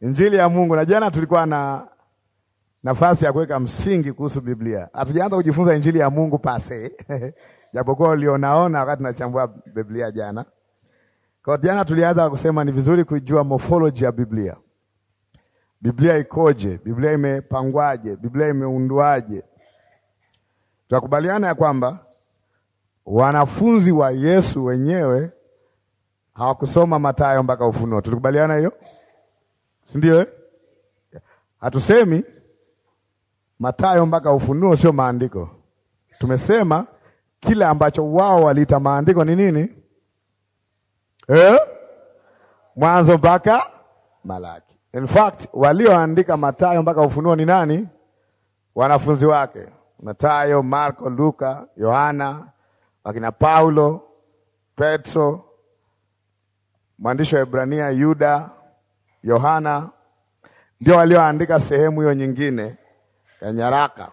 Injili ya Mungu. Na jana tulikuwa na nafasi ya kuweka msingi kuhusu Biblia. Hatujaanza kujifunza injili ya Mungu pase japokuwa ulionaona wakati tunachambua Biblia jana. Kwa jana tulianza kusema ni vizuri kujua morphology ya Biblia. Biblia ikoje? Biblia imepangwaje? Biblia imeundwaje? Tukakubaliana ya kwamba wanafunzi wa Yesu wenyewe hawakusoma Mathayo mpaka Ufunuo. Tulikubaliana hiyo? si ndio? Eh? Hatusemi Mathayo mpaka Ufunuo sio maandiko. Tumesema kile ambacho wao waliita maandiko ni nini? Eh? Mwanzo mpaka Malaki. In fact, walioandika Mathayo mpaka Ufunuo ni nani? Wanafunzi wake. Mathayo, Marko, Luka, Yohana, wakina Paulo, Petro, mwandishi wa Ibrania, Yuda, Yohana ndio walioandika sehemu hiyo nyingine ya nyaraka.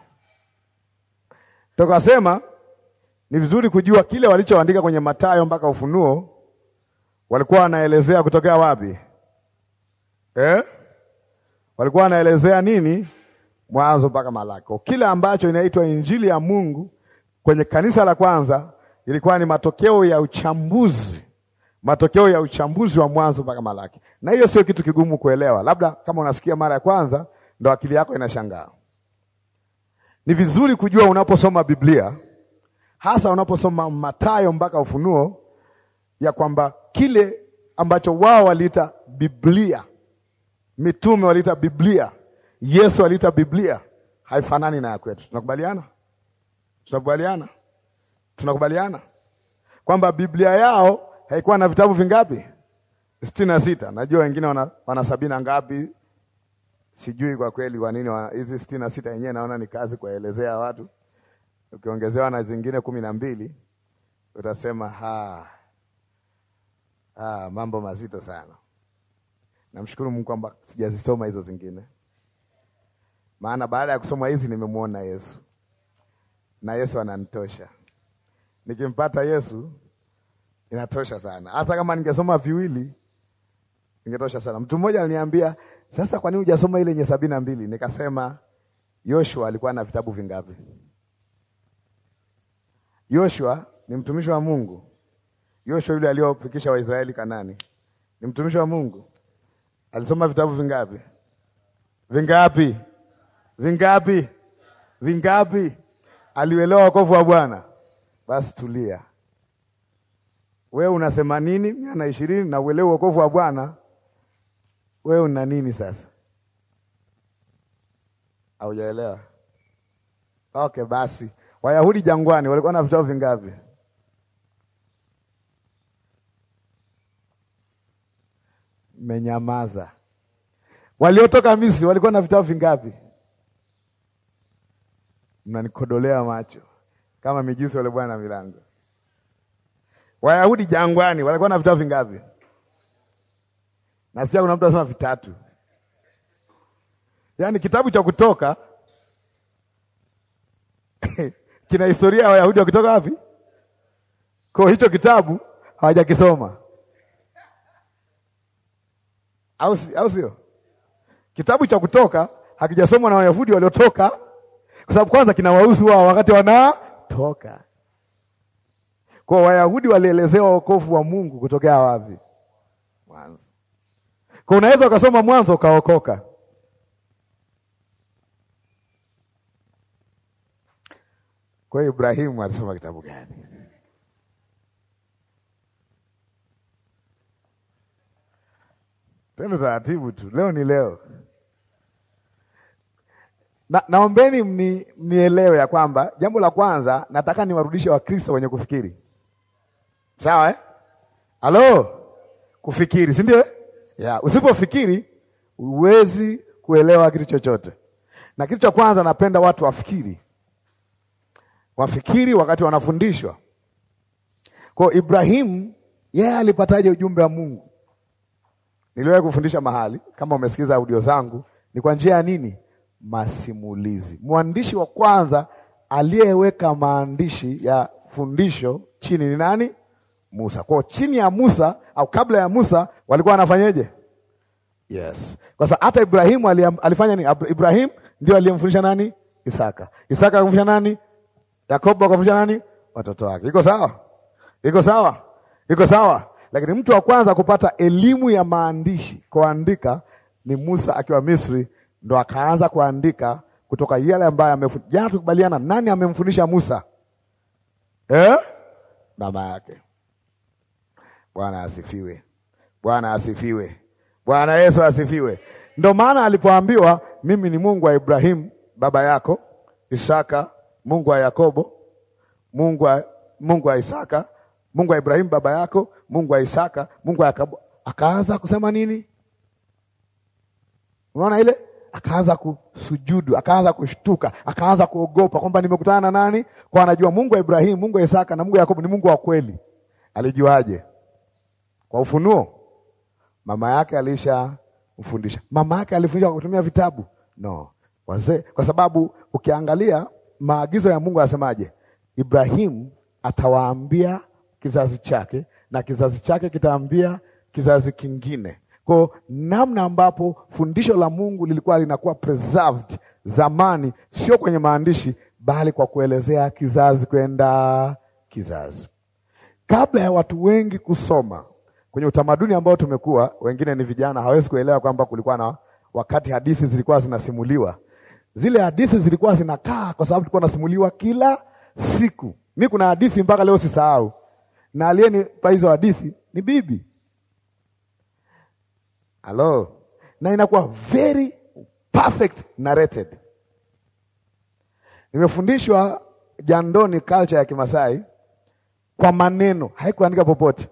Tukasema ni vizuri kujua kile walichoandika kwenye Mathayo mpaka Ufunuo walikuwa wanaelezea kutokea wapi? Eh? Walikuwa wanaelezea nini? Mwanzo mpaka Malako. Kile ambacho inaitwa Injili ya Mungu kwenye kanisa la kwanza ilikuwa ni matokeo ya uchambuzi matokeo ya uchambuzi wa Mwanzo mpaka Malaki, na hiyo sio kitu kigumu kuelewa. Labda kama unasikia mara ya kwanza, ndo akili yako inashangaa. Ni vizuri kujua unaposoma Biblia, hasa unaposoma Mathayo mpaka Ufunuo, ya kwamba kile ambacho wao waliita Biblia, mitume waliita Biblia, Yesu aliita Biblia, haifanani na ya kwetu. Tunakubaliana? Tunakubaliana? Tunakubaliana kwamba Biblia yao haikuwa na vitabu vingapi? sitini na sita. Najua wengine wana, wana sabini na ngapi, sijui kwa kweli kwa nini hizi sitini na sita yenyewe naona ni kazi kuwaelezea watu. Ukiongezewa na zingine kumi na mbili utasema ha, ha, mambo mazito sana. Namshukuru Mungu kwamba sijazisoma hizo zingine, maana baada ya kusoma hizi nimemwona Yesu na Yesu ananitosha. Nikimpata Yesu inatosha sana. Hata kama ningesoma viwili ingetosha sana. Mtu mmoja aliniambia, sasa kwa nini hujasoma ile yenye sabini na mbili? Nikasema Yoshua alikuwa na vitabu vingapi? Yoshua ni mtumishi wa Mungu. Yoshua yule aliyofikisha Waisraeli Kanani ni mtumishi wa Mungu, alisoma vitabu vingapi? Vingapi? Vingapi? Vingapi? Aliuelewa wokovu wa Bwana? Basi tulia wewe una themanini mia na ishirini na uelewa wokovu wa Bwana, wewe una nini sasa? Haujaelewa? Okay, basi Wayahudi jangwani walikuwa na vitabu vingapi? Menyamaza. Waliotoka Misri walikuwa na vitabu vingapi? Mnanikodolea macho kama mijusi wale bwana milango Wayahudi jangwani walikuwa na vitabu vingapi? Nasikia kuna mtu anasema vitatu. Yaani kitabu cha Kutoka kina historia ya Wayahudi wakitoka wapi? Kwa hicho kitabu hawajakisoma, au sio? Kitabu cha Kutoka hakijasomwa na Wayahudi waliotoka, kwa sababu kwanza kinawahusu wao wakati wanatoka kwa Wayahudi walielezewa wokovu wa Mungu kutokea wapi? Mwanzo. Kwa unaweza ukasoma Mwanzo ukaokoka. Kwa hiyo Ibrahimu alisoma kitabu gani? Tendo taratibu tu, leo ni leo. Na, naombeni mnielewe ya kwamba jambo la kwanza nataka niwarudishe Wakristo wenye kufikiri Sawa eh? Alo, Kufikiri, si ndio? Yeah, usipofikiri huwezi kuelewa kitu chochote. Na kitu cha kwanza napenda watu wafikiri. Wafikiri wakati wanafundishwa. Kwa Ibrahimu yeye yeah, alipataje ujumbe wa Mungu? Niliwahi kufundisha mahali, kama umesikiza audio zangu, ni kwa njia ya nini? Masimulizi. Mwandishi wa kwanza aliyeweka maandishi ya fundisho chini ni nani? Musa. Kwa chini ya Musa au kabla ya Musa walikuwa wanafanyaje? Yes. Kwa sababu hata Ibrahimu alifanya nini? Ibrahim ndio aliyemfundisha nani? Isaka. Isaka akamfundisha nani? Yakobo akamfundisha nani? Watoto wake. Iko sawa? Iko sawa? Iko sawa? Lakini mtu wa kwanza kupata elimu ya maandishi kuandika ni Musa akiwa Misri, ndo akaanza kuandika kutoka yale ambayo amefundisha. Jana tukubaliana nani amemfundisha Musa? Eh? Mama yake. Bwana asifiwe, Bwana asifiwe, Bwana Yesu asifiwe. Ndio maana alipoambiwa mimi ni Mungu wa Ibrahimu baba yako, Isaka, Mungu wa Yakobo, Mungu wa, Mungu wa Isaka, Mungu wa Ibrahimu baba yako, Mungu wa Isaka, Mungu wa Yakobo, akaanza kusema nini? Unaona ile akaanza kusujudu, akaanza kushtuka, akaanza kuogopa kwamba nimekutana na nani? Kwa anajua Mungu wa Ibrahimu, Mungu wa Isaka na Mungu wa Yakobo ni Mungu wa kweli. Alijuaje? kwa ufunuo. Mama yake alisha mfundisha, mama yake alifundisha kwa kutumia vitabu no wazee, kwa sababu ukiangalia maagizo ya Mungu yasemaje, Ibrahimu atawaambia kizazi chake na kizazi chake kitaambia kizazi kingine. Kwa namna ambapo fundisho la Mungu lilikuwa linakuwa preserved zamani, sio kwenye maandishi, bali kwa kuelezea kizazi kwenda kizazi. Kabla ya watu wengi kusoma, Kwenye utamaduni ambao tumekuwa, wengine ni vijana, hawezi kuelewa kwamba kulikuwa na wakati hadithi zilikuwa zinasimuliwa. Zile hadithi zilikuwa zinakaa kwa sababu tulikuwa nasimuliwa kila siku. Mimi kuna hadithi mpaka leo sisahau. Na aliyenipa hizo hadithi ni bibi. Halo, Na inakuwa very perfect narrated. Nimefundishwa jandoni culture ya Kimasai kwa maneno, haikuandika popote.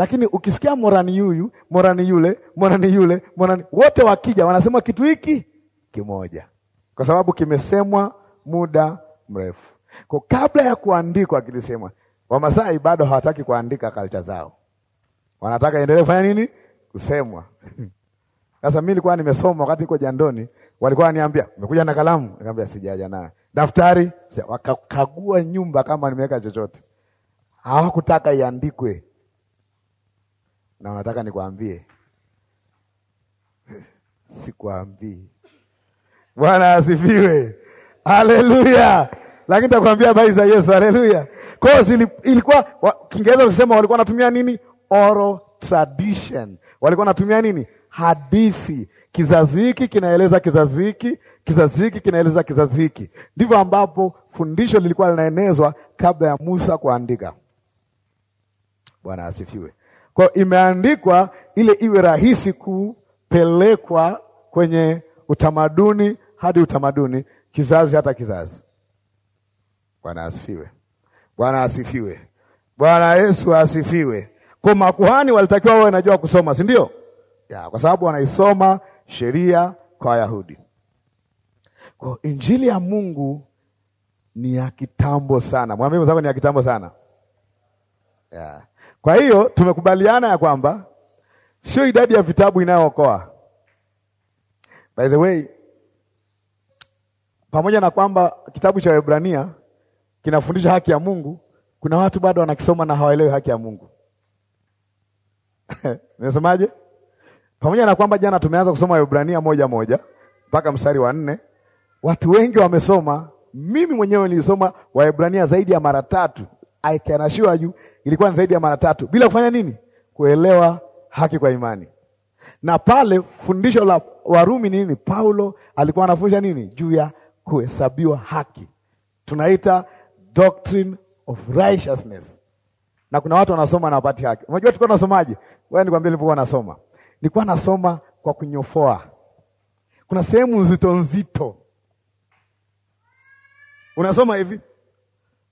Lakini ukisikia morani yuyu, morani yule, morani yule, morani wote wakija wanasema kitu hiki kimoja, kwa sababu kimesemwa muda mrefu. Kwa kabla ya kuandikwa kilisemwa. Wamasai bado hawataki kuandika kalcha zao, wanataka endelee kufanya nini? Kusemwa. Sasa mimi nilikuwa nimesoma wakati niko jandoni, walikuwa waniambia umekuja na kalamu, nikamwambia sijaja na daftari, wakakagua nyumba kama nimeweka chochote. Hawakutaka iandikwe, na unataka nikwambie? Sikwambii. Bwana asifiwe, haleluya. Lakini takwambia habari za Yesu, haleluya. Kwa hiyo ilikuwa Kiingereza kusema walikuwa wanatumia nini? Oral tradition, walikuwa wanatumia nini? Hadithi. Kizazi hiki kinaeleza kizazi hiki, kizazi hiki kinaeleza kizazi hiki. Ndivyo ambapo fundisho lilikuwa linaenezwa kabla ya Musa kuandika. Bwana asifiwe. Kwa imeandikwa ile iwe rahisi kupelekwa kwenye utamaduni hadi utamaduni, kizazi hata kizazi. Bwana asifiwe! Bwana asifiwe! Bwana Yesu asifiwe! Kwa makuhani walitakiwa wawe najua kusoma, si ndio? Ya, kwa sababu wanaisoma sheria kwa Wayahudi. Kwa injili ya Mungu ni ya kitambo sana. Mwambie mwenzako ni ya kitambo sana. Yeah. Kwa hiyo tumekubaliana ya kwamba sio idadi ya vitabu inayookoa. By the way, pamoja na kwamba kitabu cha Waebrania kinafundisha haki ya Mungu, kuna watu bado wanakisoma na hawaelewi haki ya Mungu. Nimesemaje? Pamoja na kwamba jana tumeanza kusoma Waebrania moja moja mpaka mstari wa nne, watu wengi wamesoma. Mimi mwenyewe nilisoma Waebrania zaidi ya mara tatu I can assure you ilikuwa ni zaidi ya mara tatu, bila kufanya nini? Kuelewa haki kwa imani. Na pale fundisho la Warumi nini? Paulo alikuwa anafundisha nini juu ya kuhesabiwa haki, tunaita doctrine of righteousness. Na kuna watu wanasoma na wapati haki. Unajua tulikuwa tunasomaje? Wewe nikwambie, nilipokuwa nasoma nilikuwa nasoma kwa kunyofoa. Kuna sehemu nzito nzito unasoma hivi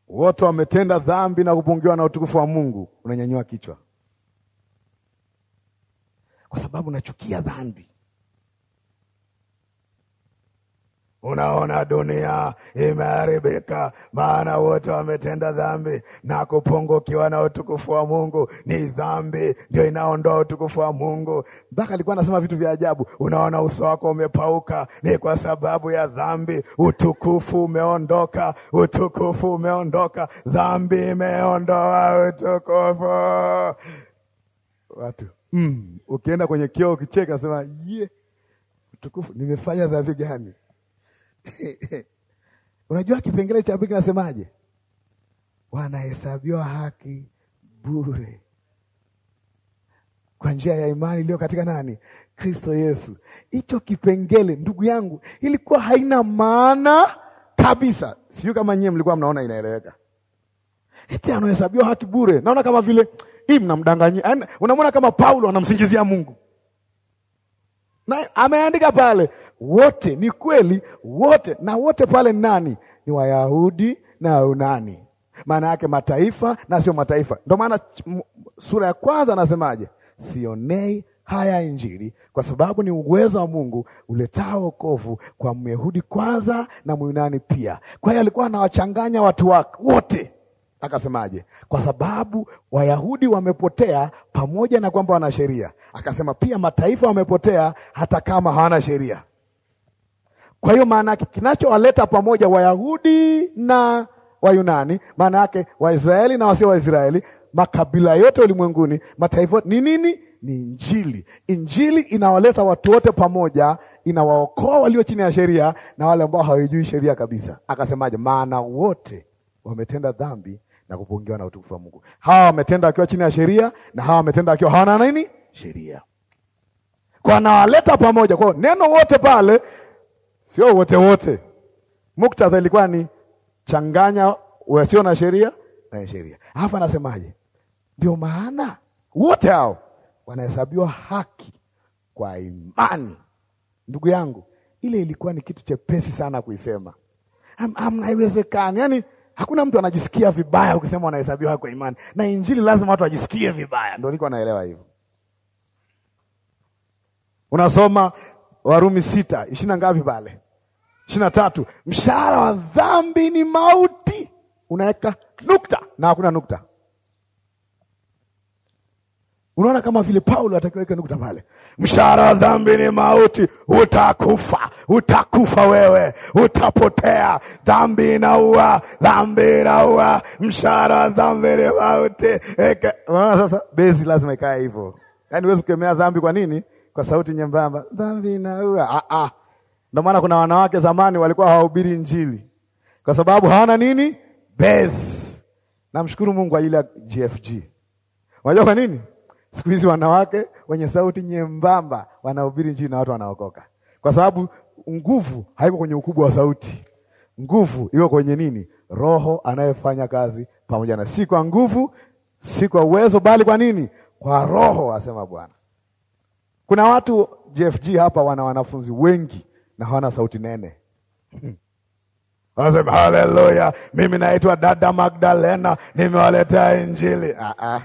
wote wametenda dhambi na kupungiwa na utukufu wa Mungu, unanyanyua kichwa kwa sababu nachukia dhambi. Unaona, dunia imeharibika, maana wote wametenda dhambi, na kupungukiwa na utukufu wa Mungu. Ni dhambi ndio inaondoa utukufu wa Mungu. Mpaka alikuwa anasema vitu vya ajabu. Unaona, uso wako umepauka, ni kwa sababu ya dhambi. Utukufu umeondoka, utukufu umeondoka, dhambi imeondoa utukufu. Watu mm, ukienda kwenye kioo ukicheka, sema ye, utukufu, nimefanya dhambi gani? Unajua kipengele cha pili kinasemaje? Wanahesabiwa haki bure kwa njia ya imani iliyo katika nani? Kristo Yesu. Hicho kipengele ndugu yangu ilikuwa haina maana kabisa. Sijui kama nyie mlikuwa mnaona inaeleweka, eti anahesabiwa haki bure. Naona kama vile hii mnamdanganyia, yaani, unamwona kama Paulo anamsingizia Mungu na ameandika pale wote ni kweli, wote na wote pale ni nani? Ni Wayahudi na Wayunani, maana yake mataifa na sio mataifa. Ndio maana sura ya kwanza anasemaje? Sionei haya Injili kwa sababu ni uwezo wa Mungu uletao wokovu kwa Myahudi kwanza na Myunani pia. Kwa hiyo alikuwa anawachanganya watu wake wote Akasemaje? Kwa sababu Wayahudi wamepotea, pamoja na kwamba wana sheria. Akasema pia mataifa wamepotea, hata kama hawana sheria. Kwa hiyo maana yake kinachowaleta pamoja Wayahudi na Wayunani, maana yake Waisraeli na wasio Waisraeli, makabila yote ulimwenguni, mataifa ni nini? Ni Injili. Injili inawaleta watu wote pamoja, inawaokoa walio chini ya sheria na wale ambao hawajui sheria kabisa. Akasemaje? Maana wote wametenda dhambi na kupungiwa na utukufu wa Mungu. Hawa wametenda wakiwa chini ya sheria na hawa wametenda wakiwa hawana nini? Sheria. Kwa nawaleta pamoja. Kwa neno wote pale sio wote wote. Muktadha ilikuwa ni changanya wasio na sheria na sheria. Hapa anasemaje? Ndio maana wote hao wanahesabiwa haki kwa imani. Ndugu yangu, ile ilikuwa ni kitu chepesi sana kuisema. Hamnaiwezekani. Am, yaani Hakuna mtu anajisikia vibaya ukisema wanahesabiwa kwa imani, na injili lazima watu wajisikie vibaya. Ndio niko naelewa hivyo. Unasoma Warumi sita ishirini na ngapi pale, ishirini na tatu mshahara wa dhambi ni mauti, unaweka nukta na hakuna nukta Unaona kama vile Paulo atakiweka nukta pale, mshahara wa dhambi ni mauti, utakufa, utakufa wewe, utapotea. Dhambi inaua, dhambi inaua, mshahara wa dhambi ni mauti. Unaona sasa, besi lazima ikae hivyo, yaani huwezi kukemea dhambi. Kwa nini? Kwa sauti nyembamba, dhambi inaua. Ah, ah. Ndo maana kuna wanawake zamani walikuwa hawahubiri Injili kwa sababu hawana nini, besi. Namshukuru Mungu ajili ya GFG. Unajua kwa nini? Siku hizi wanawake wenye sauti nyembamba wanahubiri njini na watu wanaokoka, kwa sababu nguvu haiko kwenye ukubwa wa sauti. Nguvu iko kwenye nini? Roho anayefanya kazi pamoja na, si kwa nguvu, si kwa uwezo, bali kwa nini? Kwa Roho, asema Bwana. Kuna watu GFG hapa wana wanafunzi wengi na hawana sauti nene wanasema haleluya, mimi naitwa dada Magdalena, nimewaletea Injili. Ah, ah.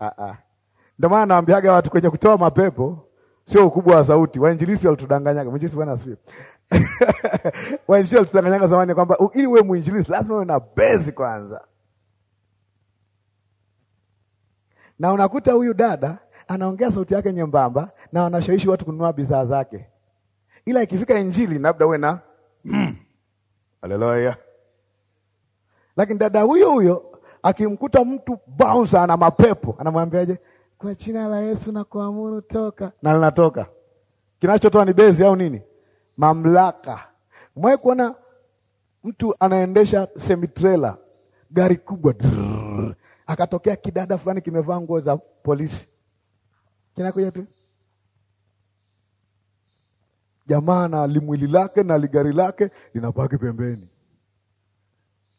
Ah, ah. Ndio maana naambiaga watu kwenye kutoa mapepo sio ukubwa wa sauti. Wainjilisti walitudanganyaga. Mwinjilisti bwana asifiwe. Wainjilisti walitudanganyaga zamani kwamba ili uwe mwinjilisti lazima uwe na bezi kwanza. Na unakuta huyu dada anaongea sauti yake nyembamba na anashawishi watu kununua bidhaa zake. Ila ikifika Injili labda uwe na mm. Haleluya. Lakini dada huyo huyo akimkuta mtu bouncer ana mapepo, anamwambiaje? Kwa jina la Yesu na kuamuru toka, na linatoka. Kinachotoa ni bezi au nini? Mamlaka. Mwe kuona mtu anaendesha semitrela, gari kubwa, akatokea kidada fulani kimevaa nguo za polisi, kinakuja tu jamaa na limwili lake na ligari lake linapaki pembeni.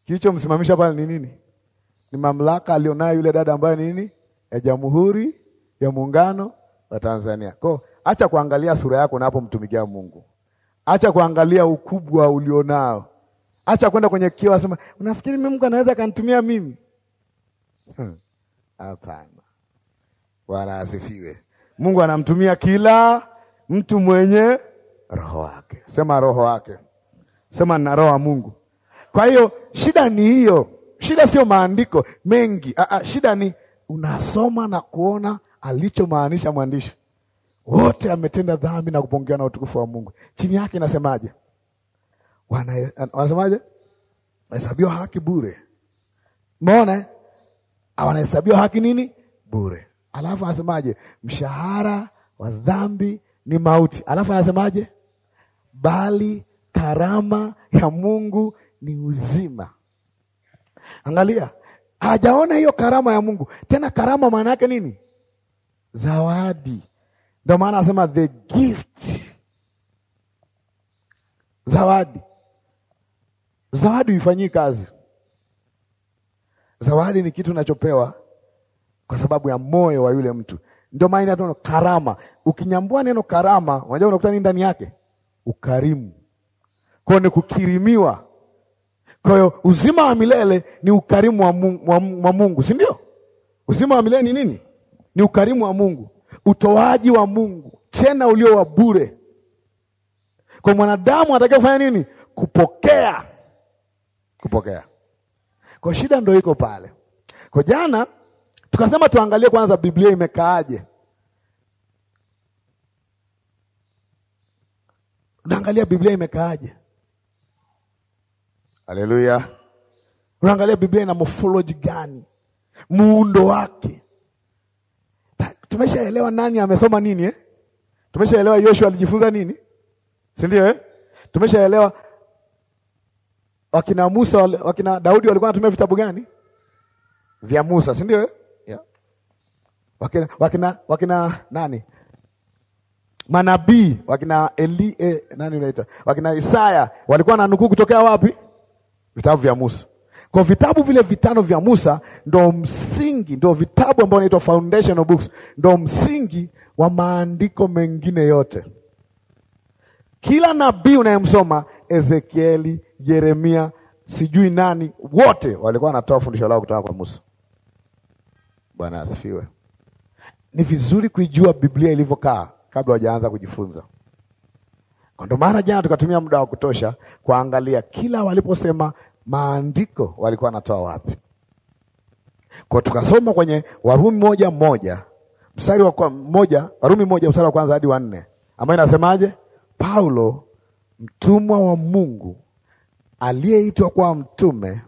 Kilichomsimamisha pale ni nini? Ni mamlaka alionayo yule dada ambaye ni nini ya Jamhuri ya Muungano wa Tanzania. Kwa acha kuangalia sura yako unapomtumikia Mungu, acha kuangalia ukubwa ulionao, acha kwenda kwenye kio asema unafikiri mimi Mungu anaweza akanitumia mimi? Hmm. Hapana. Bwana asifiwe. Mungu anamtumia kila mtu mwenye roho wake. Sema roho wake, sema na roho ya Mungu. Kwa hiyo shida ni hiyo, shida sio maandiko mengi. Aa, ah, ah, shida ni unasoma na kuona alichomaanisha mwandishi, wote ametenda dhambi na kupongewa na utukufu wa Mungu. Chini yake inasemaje? wanasemaje? Wanahesabiwa haki bure. Umeona, eh? wanahesabiwa haki nini bure. Alafu anasemaje? Mshahara wa dhambi ni mauti. Alafu anasemaje? Bali karama ya Mungu ni uzima. Angalia, hajaona hiyo karama ya Mungu. Tena karama maana yake nini? Zawadi. Ndio maana anasema the gift, zawadi. Zawadi huifanyii kazi. Zawadi ni kitu unachopewa kwa sababu ya moyo wa yule mtu. Ndio maana inaitwa karama. Ukinyambua neno karama, unajua unakuta nini ndani yake? Ukarimu. Kwa ni kukirimiwa kwa hiyo uzima wa milele ni ukarimu wa Mungu, wa, wa Mungu si ndio? Uzima wa milele ni nini? Ni ukarimu wa Mungu, utoaji wa Mungu tena ulio wa bure kwa mwanadamu. Anatakiwa kufanya nini? Kupokea, kupokea. Kwa shida ndio iko pale. Kwa jana tukasema tuangalie kwanza Biblia imekaaje. naangalia Biblia imekaaje? Haleluya! Unaangalia Biblia ina mofoloji gani, muundo wake. Tumeshaelewa nani amesoma nini eh? Tumeshaelewa Yoshua alijifunza nini, si ndio eh? Tumeshaelewa wakina Musa, wakina Daudi walikuwa wanatumia vitabu gani vya Musa, si ndio eh? yeah. wakina, wakina, wakina nani manabii wakina Eli, eh, nani unaita wakina Isaya walikuwa na nukuu kutokea wapi? vitabu vya Musa. Kwa vitabu vile vitano vya Musa ndo msingi, ndo vitabu ambao inaitwa foundational books, ndo msingi wa maandiko mengine yote. Kila nabii unayemsoma Ezekieli, Yeremia, sijui nani, wote walikuwa wanatoa fundisho lao kutoka kwa Musa. Bwana asifiwe. Ni vizuri kuijua Biblia ilivyokaa kabla hajaanza kujifunza. Ndio maana jana tukatumia muda wa kutosha kuangalia kila waliposema maandiko walikuwa wanatoa wapi? Kwa tukasoma kwenye Warumi moja moja mstari wa moja, Warumi moja mstari wa kwanza hadi wa nne, ambayo inasemaje? Paulo mtumwa wa Mungu aliyeitwa kwa mtume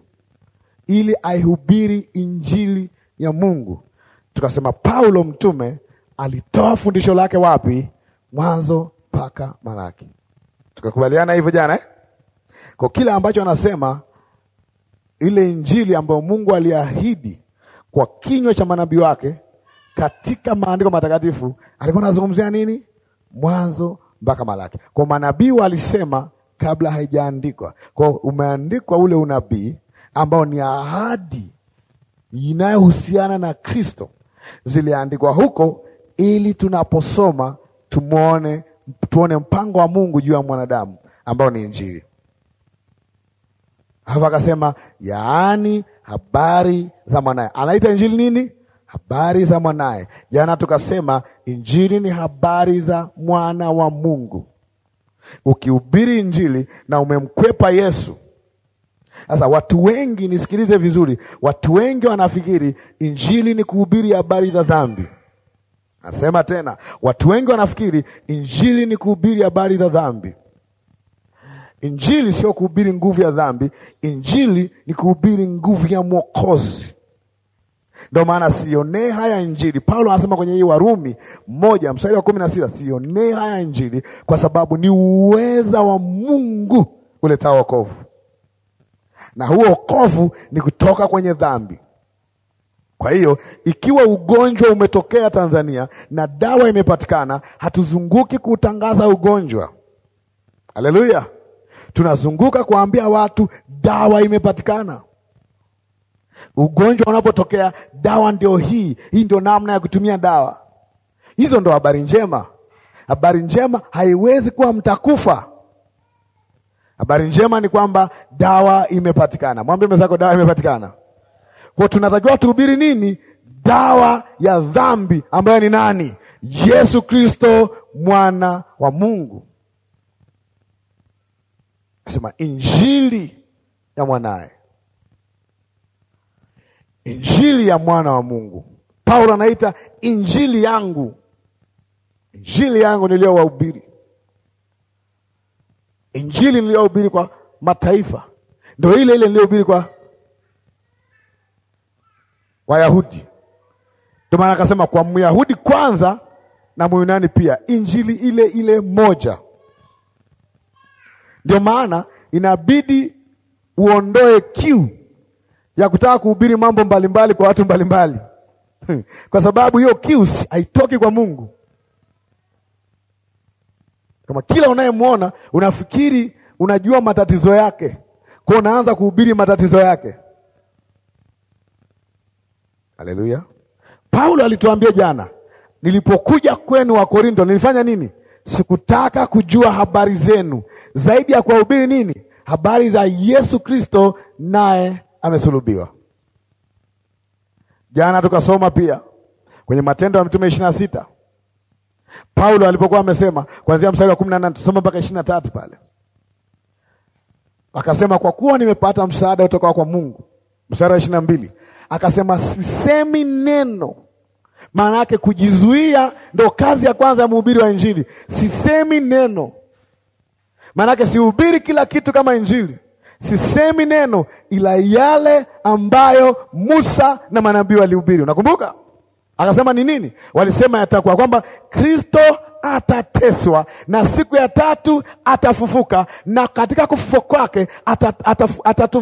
ili aihubiri injili ya Mungu. Tukasema Paulo mtume alitoa fundisho lake wapi? Mwanzo mpaka Malaki. Tukakubaliana hivyo jana eh? Kwa kila ambacho anasema ile Injili ambayo Mungu aliahidi kwa kinywa cha manabii wake katika maandiko matakatifu. Alikuwa anazungumzia nini? Mwanzo mpaka Malaki. Kwa manabii walisema kabla haijaandikwa. Kwa umeandikwa ule unabii ambao ni ahadi inayohusiana na Kristo, ziliandikwa huko ili tunaposoma tumwone, tuone mpango wa Mungu juu ya mwanadamu ambao ni Injili. Alafu akasema yaani habari za mwanaye. Anaita injili nini? Habari za mwanaye. Jana tukasema injili ni habari za mwana wa Mungu. Ukihubiri injili na umemkwepa Yesu. Sasa watu wengi, nisikilize vizuri, watu wengi wanafikiri injili ni kuhubiri habari za dhambi. Nasema tena, watu wengi wanafikiri injili ni kuhubiri habari za dhambi. Injili sio kuhubiri nguvu ya dhambi. Injili ni kuhubiri nguvu ya Mwokozi. Ndo maana sionee haya Injili. Paulo anasema kwenye hii Warumi moja mstari wa kumi na sita sionee haya Injili kwa sababu ni uweza wa Mungu uletao wokovu, na huo wokovu ni kutoka kwenye dhambi. Kwa hiyo ikiwa ugonjwa umetokea Tanzania na dawa imepatikana, hatuzunguki kuutangaza ugonjwa. Haleluya! tunazunguka kuambia watu dawa imepatikana. Ugonjwa unapotokea dawa ndio hii, hii ndio namna ya kutumia dawa. Hizo ndo habari njema. Habari njema haiwezi kuwa mtakufa. Habari njema ni kwamba dawa imepatikana. Mwambie mwenzako dawa imepatikana. Kwa tunatakiwa tuhubiri nini? Dawa ya dhambi ambayo ni nani? Yesu Kristo mwana wa Mungu. Asema injili ya mwanaye, injili ya mwana wa Mungu. Paulo anaita injili yangu, injili yangu niliyowahubiri, injili niliyohubiri kwa mataifa ndio ile ile niliyohubiri kwa Wayahudi. Ndio maana akasema kwa Myahudi kwanza na Myunani pia, injili ile ile moja. Ndio maana inabidi uondoe kiu ya kutaka kuhubiri mambo mbalimbali mbali kwa watu mbalimbali mbali. Kwa sababu hiyo kiu haitoki kwa Mungu. Kama kila unayemwona unafikiri unajua matatizo yake, kwa unaanza kuhubiri matatizo yake. Haleluya! Paulo alituambia jana, nilipokuja kwenu wa Korinto nilifanya nini? Sikutaka kujua habari zenu zaidi ya kuwahubiri nini? Habari za Yesu Kristo, naye amesulubiwa. Jana tukasoma pia kwenye Matendo ya Mitume ishirini na sita Paulo alipokuwa amesema kuanzia mstari wa kumi na nane tusoma mpaka ishirini na tatu pale akasema, kwa kuwa nimepata msaada kutoka kwa Mungu. Mstari wa ishirini na mbili akasema, sisemi neno maana yake kujizuia ndo kazi ya kwanza ya mhubiri wa Injili. Sisemi neno, maana yake sihubiri kila kitu kama Injili. Sisemi neno, ila yale ambayo Musa na manabii walihubiri. Unakumbuka akasema ni nini? Walisema yatakuwa kwamba Kristo atateswa na siku ya tatu atafufuka, na katika kufufuka kwake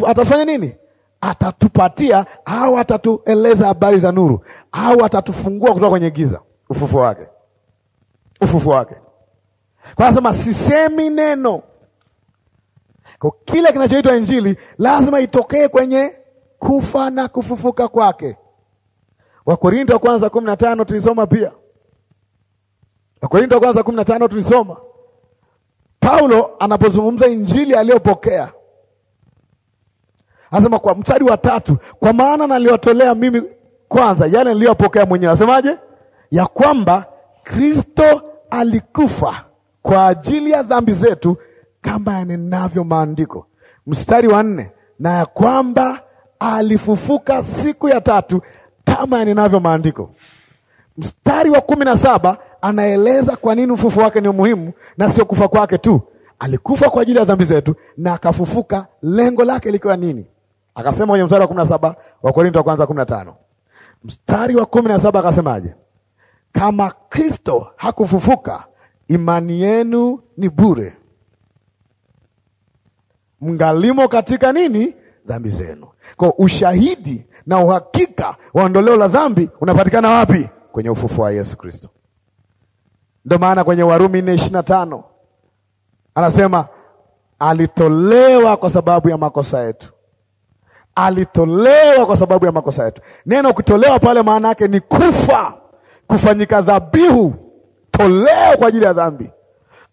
atafanya nini? atatupatia au atatueleza habari za nuru au atatufungua kutoka kwenye giza, ufufuo wake, ufufuo wake. Kwa sema sisemi neno kwa kile kinachoitwa Injili lazima itokee kwenye kufa na kufufuka kwake. Wakorinto wa kwanza kumi na tano tulisoma pia, Wakorinto wa kwanza kumi na tano tulisoma Paulo anapozungumza injili aliyopokea Anasema kwa mstari wa tatu, kwa maana naliwatolea mimi kwanza yale niliyopokea mwenyewe. Anasemaje? ya kwamba Kristo alikufa kwa ajili ya dhambi zetu kama yanenavyo maandiko. Mstari wa nne, na ya kwamba alifufuka siku ya tatu kama yanenavyo maandiko. Mstari wa kumi na saba anaeleza kwa nini ufufu wake ni muhimu na sio kufa kwake tu. Alikufa kwa ajili ya dhambi zetu na akafufuka, lengo lake likiwa nini? Akasema kwenye mstari wa kumi na saba wa Korinto wa kwanza kumi na tano mstari wa kumi na saba akasemaje? Kama Kristo hakufufuka imani yenu ni bure, mngalimo katika nini? Dhambi zenu. Kwa ushahidi na uhakika wa ondoleo la dhambi unapatikana wapi? Kwenye ufufuo wa Yesu Kristo. Ndio maana kwenye Warumi nne ishirini na tano anasema alitolewa kwa sababu ya makosa yetu alitolewa kwa sababu ya makosa yetu. Neno kutolewa pale maana yake ni kufa, kufanyika dhabihu, toleo kwa ajili ya dhambi.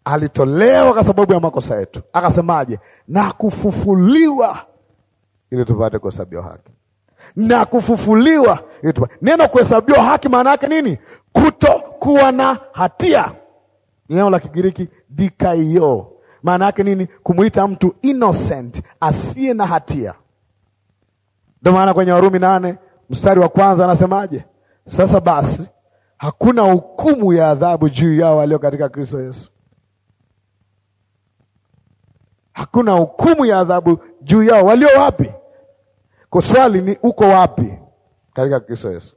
Alitolewa kwa sababu ya makosa yetu, akasemaje? Na kufufuliwa ili tupate kuhesabiwa haki, na kufufuliwa Neno kuhesabiwa haki maana yake nini? Kutokuwa na hatia. Neno la Kigiriki dikaio, maana yake nini? Kumwita mtu innocent, asiye na hatia ndio maana kwenye Warumi nane mstari wa kwanza anasemaje? Sasa basi hakuna hukumu ya adhabu juu yao walio katika Kristo Yesu. Hakuna hukumu ya adhabu juu yao walio wapi? Kwa swali ni uko wapi katika Kristo Yesu?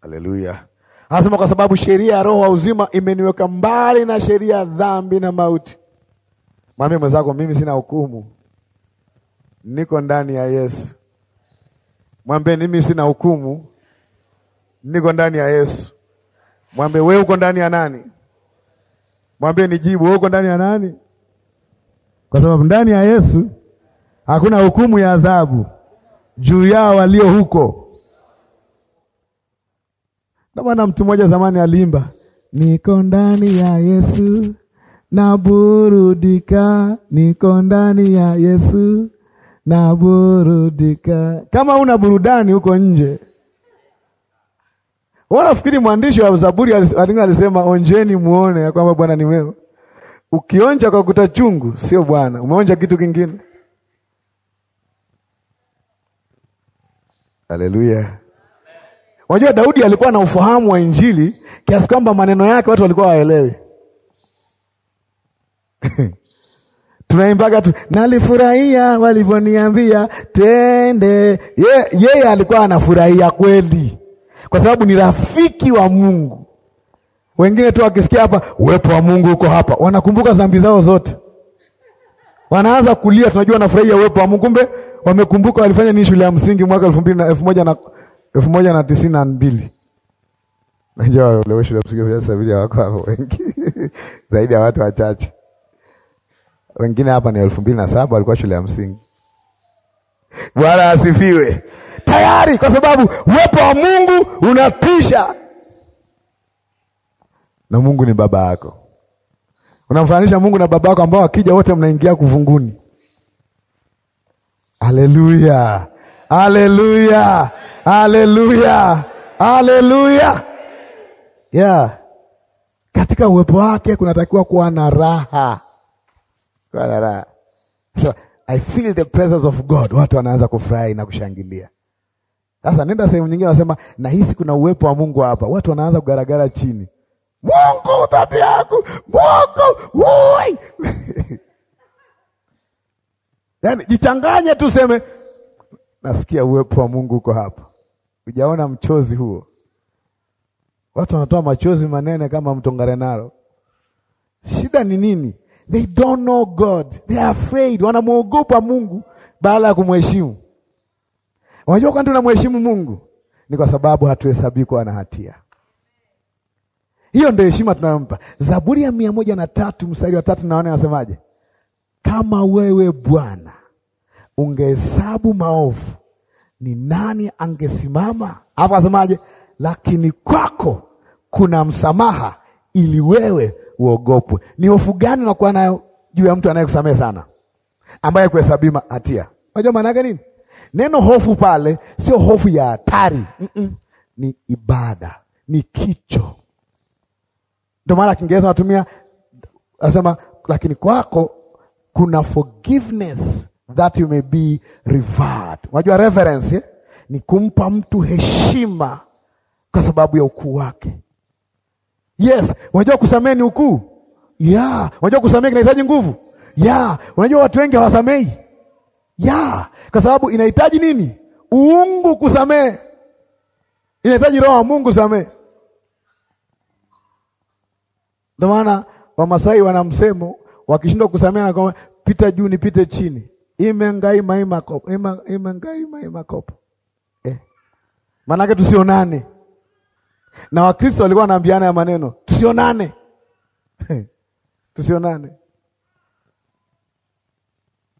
Haleluya. Anasema kwa sababu sheria ya roho wa uzima imeniweka mbali na sheria ya dhambi na mauti. Mwambie mwenzako, mimi sina hukumu niko ndani ya Yesu. Mwambie mimi sina hukumu, niko ndani ya Yesu. Mwambie wewe uko ndani ya nani? Mwambie nijibu, wewe uko ndani ya nani? Kwa sababu ndani ya Yesu hakuna hukumu ya adhabu juu yao walio huko. Ndio maana mtu mmoja zamani aliimba, niko ndani ya Yesu, naburudika, niko ndani ya Yesu naburudika. Kama una burudani huko nje, wanafikiri mwandishi wa Zaburi alisema onjeni muone ya kwamba Bwana ni mwema. Ukionja kwa kuta chungu, sio Bwana, umeonja kitu kingine. Haleluya! Unajua, Daudi alikuwa na ufahamu wa Injili kiasi kwamba maneno yake watu walikuwa waelewi tunaimbaga tu, nalifurahia walivyoniambia twende. Yeye ye, alikuwa anafurahia kweli, kwa sababu ni rafiki wa Mungu. Wengine tu wakisikia hapa uwepo wa Mungu uko hapa, wanakumbuka dhambi zao zote, wanaanza kulia. Tunajua wanafurahia uwepo wa Mungu, kumbe wamekumbuka walifanya nini shule ya msingi mwaka elfu mbili na elfu moja na elfu moja na tisini na mbili najua wale shule ya msingi sabili hawako wengi zaidi ya watu wachache wengine hapa ni elfu mbili na saba walikuwa shule ya msingi. Bwana asifiwe. Tayari kwa sababu uwepo wa Mungu unatisha, na Mungu ni baba yako. Unamfananisha Mungu na baba yako, ambao wakija wote mnaingia kuvunguni. aleluya aleluya aleluya, aleluya Yeah, katika uwepo wake kunatakiwa kuwa na raha. Kwa So, I feel the presence of God. Watu wanaanza kufurahi na kushangilia. Sasa nenda sehemu nyingine wanasema nahisi kuna uwepo wa Mungu hapa. Watu wanaanza kugaragara chini. Mungu tabia yako. Mungu, woi. Yaani jichanganye tu seme nasikia uwepo wa Mungu uko hapa. ujaona mchozi huo? Watu wanatoa machozi manene kama mtongarenaro. Shida ni nini? They don't know God. They are afraid. Wanamwogopa Mungu badala ya kumheshimu. Unajua kwa nini tunamheshimu Mungu? Ni kwa sababu hatuhesabii kuwa na hatia. Hiyo ndio heshima tunayompa. Zaburi ya mia moja na tatu mstari wa tatu naona anasemaje? Kama wewe Bwana ungehesabu maovu, ni nani angesimama? Hapo asemaje? Lakini kwako kuna msamaha, ili wewe uogopwe. Ni hofu gani unakuwa nayo juu ya mtu anayekusamehe sana, ambaye kuhesabima hatia? Unajua maana yake nini? Neno hofu pale sio hofu ya hatari mm -mm. Ni ibada, ni kicho. Ndio maana Kiingereza natumia asema, lakini kwako kuna forgiveness that you may be revered. Unajua reverence eh? Ni kumpa mtu heshima kwa sababu ya ukuu wake. Yes, unajua kusamehe ni ukuu yeah. Unajua kusamehe kinahitaji nguvu yeah. Unajua watu wengi hawasamehi yeah, kwa sababu inahitaji nini? Uungu kusamehe, inahitaji roho wa Mungu samehe. Ndio maana Wamasai wana msemo, wakishindwa kusamehe na pita juu nipite chini, maima kopo. eh. Maanake tusionane na Wakristo walikuwa wanaambiana ya maneno, tusionane tusionane.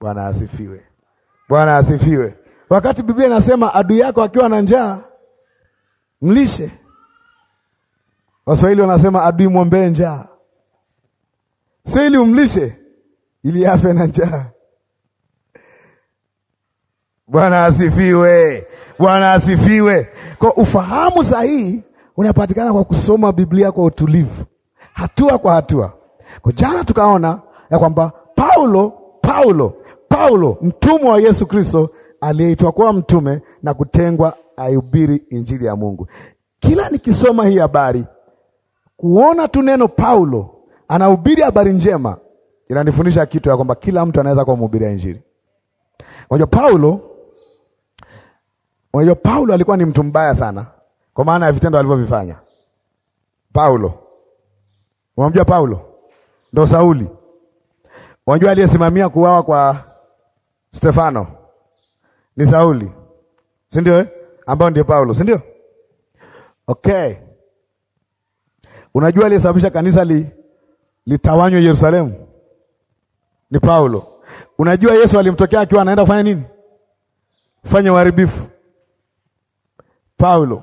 Bwana asifiwe, Bwana asifiwe. Wakati Biblia inasema adui yako akiwa na njaa mlishe. Waswahili wanasema adui mwombee njaa, sio ili umlishe, ili afe na njaa. Bwana asifiwe, Bwana asifiwe. Kwa ufahamu sahihi unapatikana kwa kusoma Biblia kwa utulivu, hatua kwa hatua. Kwa jana tukaona ya kwamba Paulo Paulo Paulo mtumwa wa Yesu Kristo aliyeitwa kuwa mtume na kutengwa aihubiri injili ya Mungu. Kila nikisoma hii habari, kuona tu neno Paulo anahubiri habari njema inanifundisha kitu ya kwamba kila mtu anaweza kuwa mhubiri injili. Unajua Paulo, unajua Paulo alikuwa ni mtu mbaya sana, kwa maana ya vitendo alivyovifanya Paulo. Unamjua Paulo? Ndo Sauli. Unajua aliyesimamia kuuawa kwa Stefano ni Sauli, si ndio eh? Ambao ndio Paulo, si ndio? Okay. Unajua aliyesababisha kanisa li litawanywe Yerusalemu ni Paulo. Unajua Yesu alimtokea akiwa anaenda kufanya nini? Fanya uharibifu. Paulo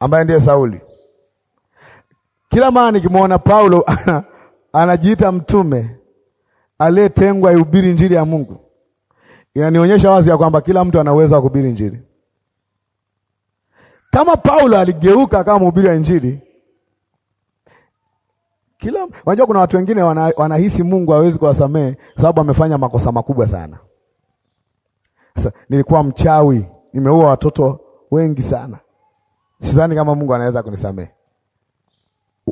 ambaye ndiye Sauli. Kila mara nikimwona Paulo anajiita mtume aliyetengwa ihubiri Injili ya Mungu, inanionyesha wazi ya kwamba kila mtu anaweza kuhubiri Injili. Kama Paulo aligeuka kama mhubiri wa Injili, kila unajua, kuna watu wengine wana, wanahisi Mungu hawezi kuwasamehe sababu amefanya makosa makubwa sana. Sasa, nilikuwa mchawi, nimeua watoto wengi sana Sidhani kama Mungu anaweza kunisamehe.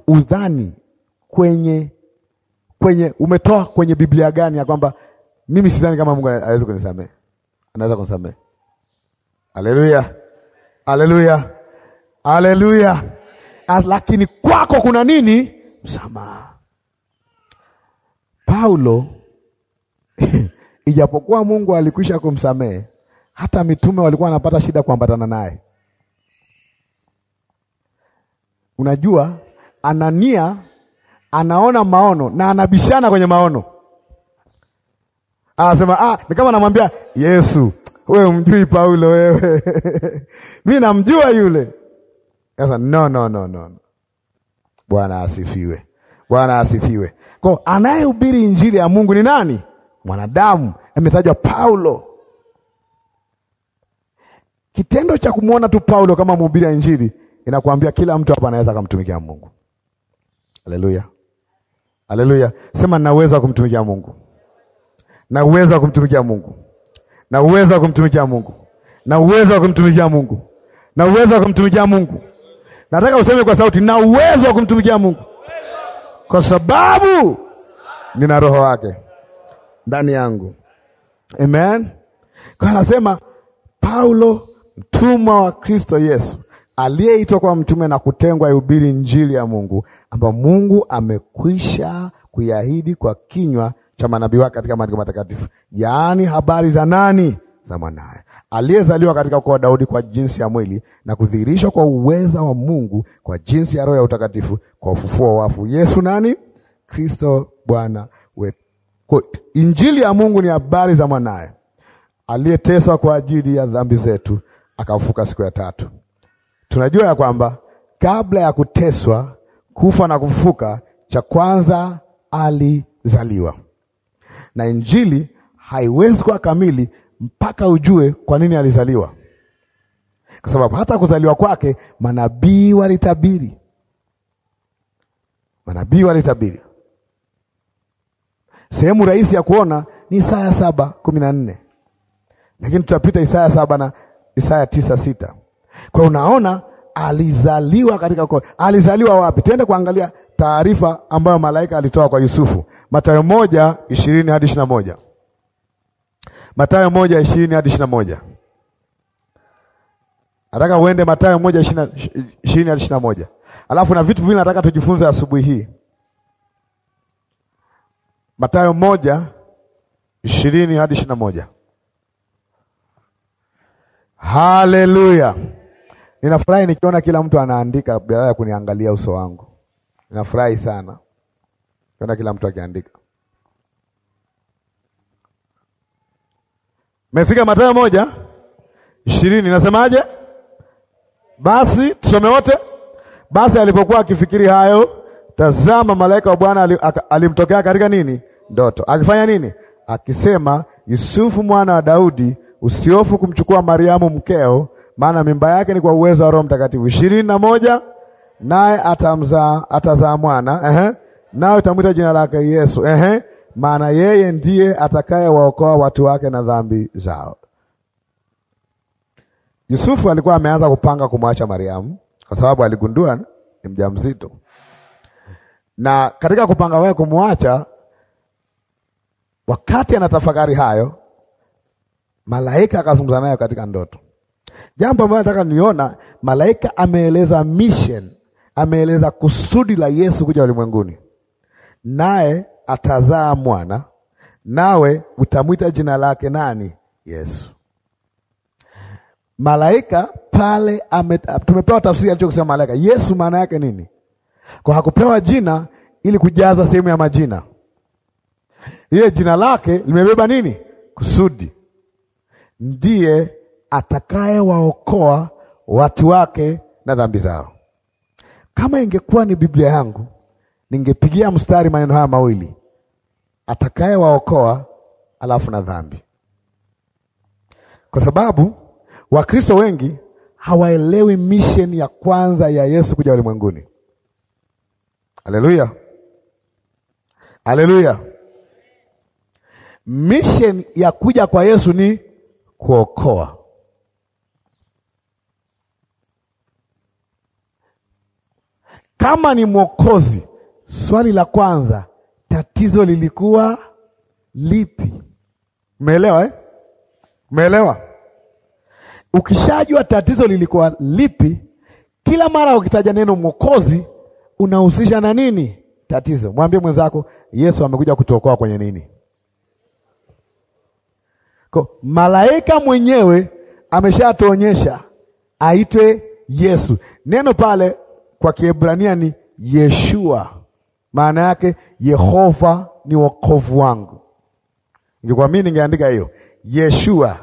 Udhani kwenye kwenye umetoa kwenye Biblia gani ya kwamba mimi sidhani kama Mungu anaweza kunisamehe? Anaweza kunisamehe. Haleluya, haleluya, haleluya! Ah, lakini kwako kuna nini? Msamaha. Paulo ijapokuwa Mungu alikwisha kumsamehe, hata mitume walikuwa wanapata shida kuambatana naye. Unajua, Anania anaona maono na anabishana kwenye maono, anasema ah, ni kama anamwambia Yesu, we mjui Paulo wewe mi namjua yule. Sasa no, no, no, no. Bwana asifiwe, Bwana asifiwe. Kwa anayehubiri injili ya Mungu ni nani? Mwanadamu ametajwa Paulo. Kitendo cha kumwona tu Paulo kama mhubiri wa injili Inakuambia kila mtu hapa anaweza kumtumikia Mungu. Haleluya. Haleluya. Sema na uwezo wa kumtumikia Mungu. Na uwezo wa kumtumikia Mungu. Na uwezo wa kumtumikia Mungu. Na uwezo wa kumtumikia Mungu. Na uwezo wa kumtumikia Mungu. Nataka useme kwa sauti na uwezo wa kumtumikia Mungu. Kwa sababu nina roho wake ndani yangu. Amen. Kwa anasema Paulo mtumwa wa Kristo Yesu aliyeitwa kwa mtume na kutengwa ihubiri njili ya Mungu ambayo Mungu amekwisha kuiahidi kwa kinywa cha manabii wake katika maandiko matakatifu, yaani habari za nani? Za mwanaye aliyezaliwa katika ukoo wa Daudi kwa jinsi ya mwili na kudhihirishwa kwa uweza wa Mungu kwa jinsi ya Roho ya utakatifu kwa ufufuo wa wafu, Yesu nani? Kristo Bwana wetu. Injili ya Mungu ni habari za mwanaye aliyeteswa kwa ajili ya dhambi zetu, akafuka siku ya tatu. Tunajua ya kwamba kabla ya kuteswa, kufa na kufufuka, cha kwanza alizaliwa. Na injili haiwezi kuwa kamili mpaka ujue kwa nini alizaliwa, kwa sababu hata kuzaliwa kwake manabii walitabiri, manabii walitabiri. Sehemu rahisi ya kuona ni Isaya saba kumi na nne, lakini tutapita Isaya saba na Isaya tisa sita kwa unaona alizaliwa katika ukoo. Alizaliwa wapi? Twende kuangalia taarifa ambayo malaika alitoa kwa Yusufu, Mathayo moja ishirini hadi ishirini na moja Mathayo moja ishirini hadi ishirini na moja Nataka uende Mathayo moja ishirini hadi ishirini na moja alafu na vitu vile nataka tujifunze asubuhi hii. Mathayo moja ishirini hadi ishirini na moja Haleluya! Ninafurahi nikiona kila mtu anaandika bila ya kuniangalia uso wangu. Ninafurahi sana kiona kila mtu akiandika. Mefika Mathayo moja ishirini, nasemaje? Basi tusome wote. Basi alipokuwa akifikiri hayo, tazama, malaika wa Bwana alimtokea katika nini? Ndoto, akifanya nini? Akisema, Yusufu mwana wa Daudi, usihofu kumchukua Mariamu mkeo maana mimba yake ni kwa uwezo wa Roho Mtakatifu. ishirini na moja naye atamzaa atazaa mwana ehe, nao itamwita jina lake Yesu ehe, maana yeye ndiye atakayewaokoa watu wake na dhambi zao. Yusufu alikuwa ameanza kupanga kumwacha Mariamu kwa sababu aligundua ni mjamzito, na katika kupanga wake kumwacha, wakati anatafakari hayo, malaika akazungumza naye katika ndoto Jambo ambalo nataka niona, malaika ameeleza mission, ameeleza kusudi la Yesu kuja ulimwenguni, naye atazaa mwana, nawe utamwita jina lake nani? Yesu. Malaika pale tumepewa tafsiri alichokusema malaika. Yesu maana yake nini? Kwa hakupewa jina ili kujaza sehemu ya majina, ile jina lake limebeba nini? Kusudi. Ndiye atakayewaokoa watu wake na dhambi zao. Kama ingekuwa ni Biblia yangu, ningepigia mstari maneno haya mawili, atakayewaokoa alafu na dhambi, kwa sababu Wakristo wengi hawaelewi misheni ya kwanza ya Yesu kuja ulimwenguni. Haleluya, haleluya! Misheni ya kuja kwa Yesu ni kuokoa. kama ni mwokozi, swali la kwanza, tatizo lilikuwa lipi? Umeelewa eh? Umeelewa? Ukishajua tatizo lilikuwa lipi, kila mara ukitaja neno mwokozi unahusisha na nini tatizo. Mwambie mwenzako Yesu amekuja kutuokoa kwenye nini? Ko, malaika mwenyewe ameshatuonyesha aitwe Yesu. Neno pale kwa Kiebrania ni Yeshua, maana yake Yehova ni wokovu wangu. Ningekuwa mimi ningeandika hiyo Yeshua.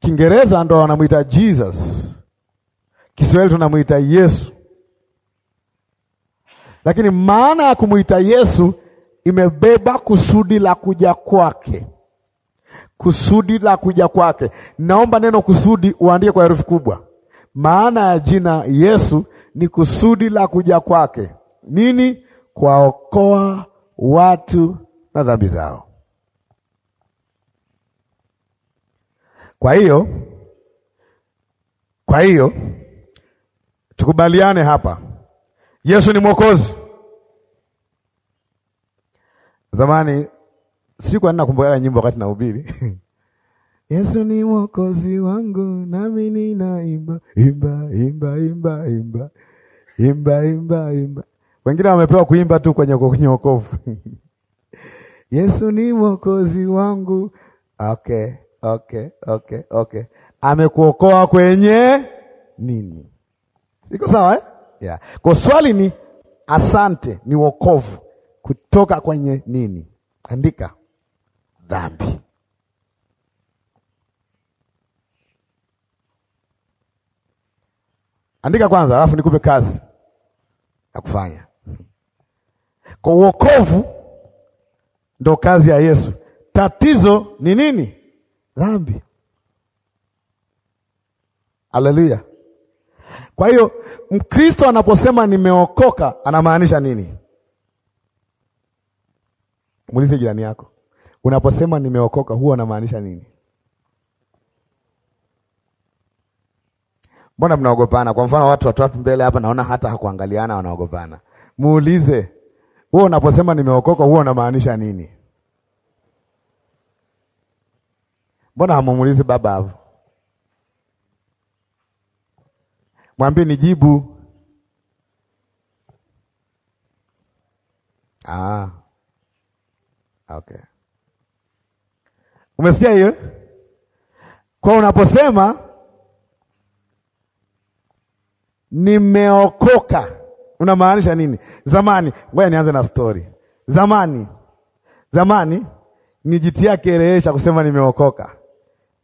Kiingereza ndo wanamwita Jesus, Kiswahili tunamwita Yesu, lakini maana ya kumwita Yesu imebeba kusudi la kuja kwake. Kusudi la kuja kwake, naomba neno kusudi uandike kwa herufi kubwa. Maana ya jina Yesu ni kusudi la kuja kwake. Nini? Kuwaokoa watu na dhambi zao. Kwa hiyo kwa hiyo tukubaliane hapa, Yesu ni mwokozi. Zamani sikuwa ninakumbuka nyimbo wakati nahubiri Yesu ni mwokozi wangu, nami ninaimba imba imba imba imba imba imba imba. Wengine wamepewa kuimba tu kwenye kwenye wokovu Yesu ni mwokozi wangu. Okay, okay, okay, okay. Amekuokoa kwenye nini? Iko sawa eh? Yeah. Kwa swali ni asante, ni wokovu kutoka kwenye nini? Andika dhambi. Andika kwanza, alafu nikupe kazi ya kufanya. Kwa uokovu ndo kazi ya Yesu. Tatizo ni nini? Dhambi. Haleluya! Kwa hiyo Mkristo anaposema nimeokoka anamaanisha nini? Muulize jirani yako, unaposema nimeokoka huwa unamaanisha nini? Mbona mnaogopana? Kwa mfano watu watatu mbele hapa, naona hata hakuangaliana, wanaogopana. Muulize, wewe unaposema nimeokoka, huwa unamaanisha nini? Mbona hamumulizi baba hapo? Mwambie nijibu. Ah. Okay. Umesikia hiyo? Kwa unaposema nimeokoka unamaanisha nini? Zamani, ngoja nianze na stori. Zamani, zamani nijitia kerehesha kusema nimeokoka,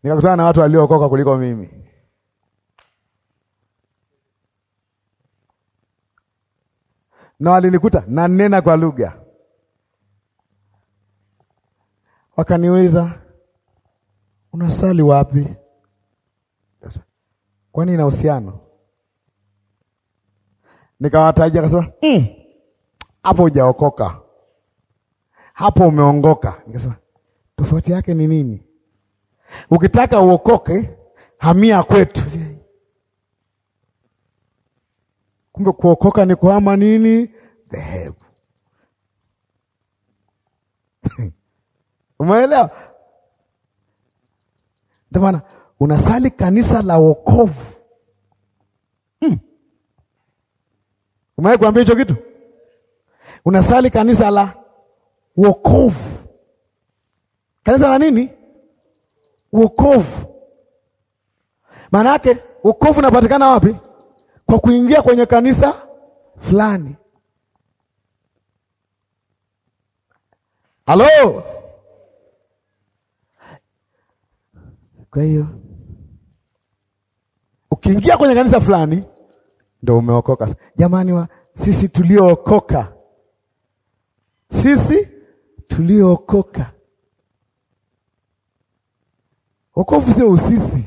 nikakutana na watu waliookoka kuliko mimi. na walinikuta na nena kwa lugha, wakaniuliza unasali wapi? Kwani ina uhusiano? nikawataja, akasema mm, hapo hujaokoka, hapo umeongoka. Nikasema tofauti yake ni nini? Ukitaka uokoke, hamia kwetu. Kumbe kuokoka ni kuhama nini? Dhehebu. Umeelewa? Ndio maana unasali kanisa la wokovu Umewahi kuambia hicho kitu? Unasali kanisa la wokovu, kanisa la nini? Wokovu. Maana yake wokovu unapatikana wapi? Kwa kuingia kwenye kanisa fulani. Halo. Kwa hiyo ukiingia kwenye kanisa fulani ndo umeokoka. Jamani wa sisi tuliookoka, sisi tuliookoka, wokovu sio usisi,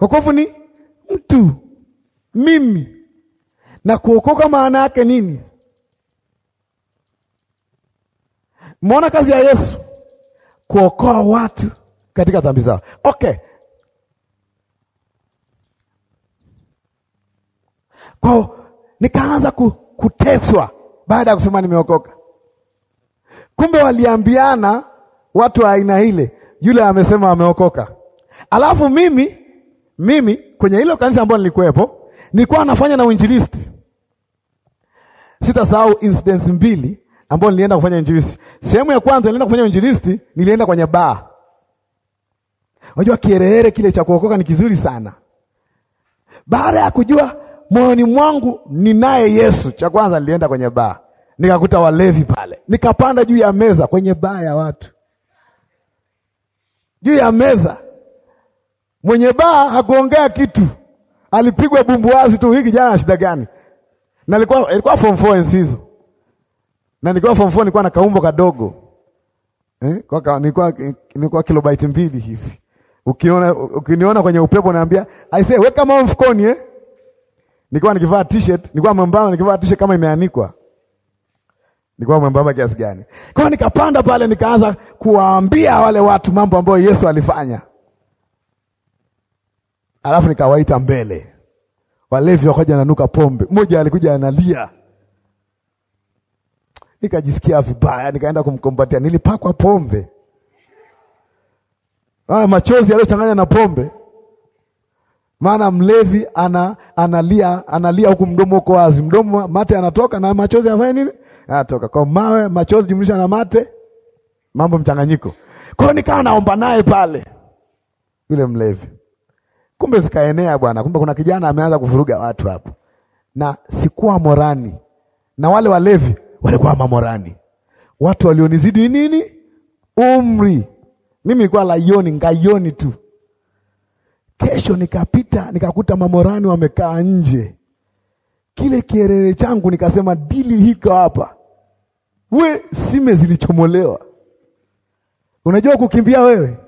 wokovu ni mtu mimi na kuokoka maana yake nini? mwona kazi ya Yesu kuokoa watu katika dhambi zao. Okay, Kwao nikaanza kuteswa baada ya kusema nimeokoka. Kumbe waliambiana watu wa aina ile, yule amesema ameokoka, alafu mimi mimi kwenye hilo kanisa ambalo nilikuwepo nilikuwa nafanya na uinjilisti. Sitasahau incidents mbili ambao nilienda kufanya injilisti. Sehemu ya kwanza nilienda kufanya injilisti, nilienda kwenye baa. Unajua kierehere kile cha kuokoka ni kizuri sana. Baada ya kujua moyoni mwangu ninaye Yesu. Cha kwanza nilienda kwenye baa nikakuta walevi pale, nikapanda juu ya meza kwenye baa ya watu, juu ya meza. Mwenye baa hakuongea kitu, alipigwa bumbuazi tu. Hiki jana na shida gani? Na ilikuwa ilikuwa form 4 enzi hizo, na nilikuwa form 4 nilikuwa na kaumbo kadogo eh, kwa ka, nilikuwa nilikuwa kilobaiti mbili hivi. Ukiona ukiniona kwenye upepo, naambia I say weka mao mfukoni eh Nilikuwa nikivaa t-shirt, nilikuwa mwembamba nikivaa t-shirt kama imeanikwa. Nilikuwa mwembamba kiasi gani? Kwa nikapanda pale nikaanza kuwaambia wale watu mambo ambayo Yesu alifanya. Alafu nikawaita mbele. Walevi wakaja nanuka pombe. Mmoja alikuja analia. Nikajisikia vibaya, nikaenda kumkombatia. Nilipakwa pombe. Ah, machozi yaliyochanganywa na pombe maana mlevi ana, analia analia huku mdomo uko wazi, mdomo mate anatoka na machozi afanye nini? Anatoka kwa mawe, machozi jumlisha na mate, mambo mchanganyiko. Kwa hiyo nikawa naomba naye pale, yule mlevi, kumbe zikaenea bwana, kumbe kuna kijana ameanza kuvuruga watu hapo, na sikuwa morani, na wale walevi walikuwa mamorani, watu walionizidi nini umri, mimi nilikuwa laioni ngaioni tu Kesho nikapita nikakuta mamorani wamekaa nje, kile kierere changu nikasema, dili hiko hapa, we sime zilichomolewa. Unajua kukimbia wewe,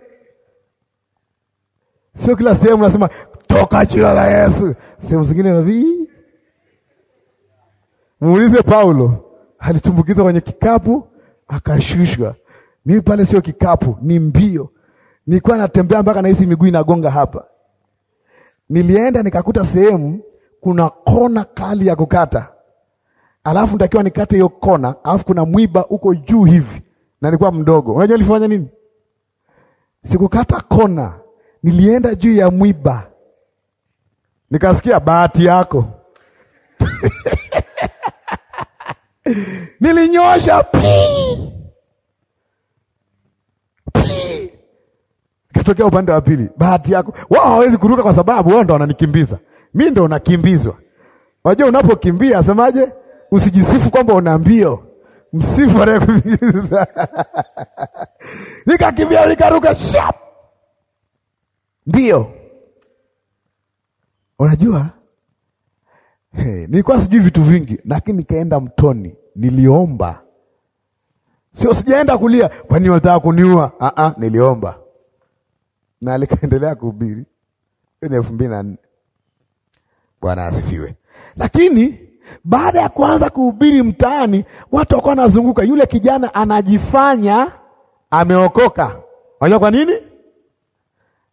sio kila sehemu nasema toka jina la Yesu, sehemu zingine navi. Muulize Paulo, alitumbukiza kwenye kikapu akashushwa. Mimi pale sio kikapu, ni mbio, nilikuwa natembea mpaka nahisi miguu inagonga hapa Nilienda nikakuta sehemu kuna kona kali ya kukata, alafu nitakiwa nikate hiyo kona, alafu kuna mwiba uko juu hivi, na nilikuwa mdogo. Unajua nilifanya nini? Sikukata kona, nilienda juu ya mwiba, nikasikia bahati yako nilinyosha pii kutokea upande wa pili. Bahati yako wao hawezi kuruka kwa sababu wao ndo wananikimbiza mi, ndo unakimbizwa. Wajua unapokimbia asemaje? Usijisifu kwamba una mbio, msifu anayekukimbiza. Nikakimbia nikaruka shap, mbio. Unajua hey, nilikuwa sijui vitu vingi, lakini nikaenda mtoni, niliomba, sio sijaenda kulia, kwani walitaka kuniua? Ah, ah, niliomba na likaendelea kuhubiri. Hiyo ni elfu mbili na nne. Bwana asifiwe. Lakini baada ya kuanza kuhubiri mtaani, watu wakawa wanazunguka, yule kijana anajifanya ameokoka. Unajua kwa nini?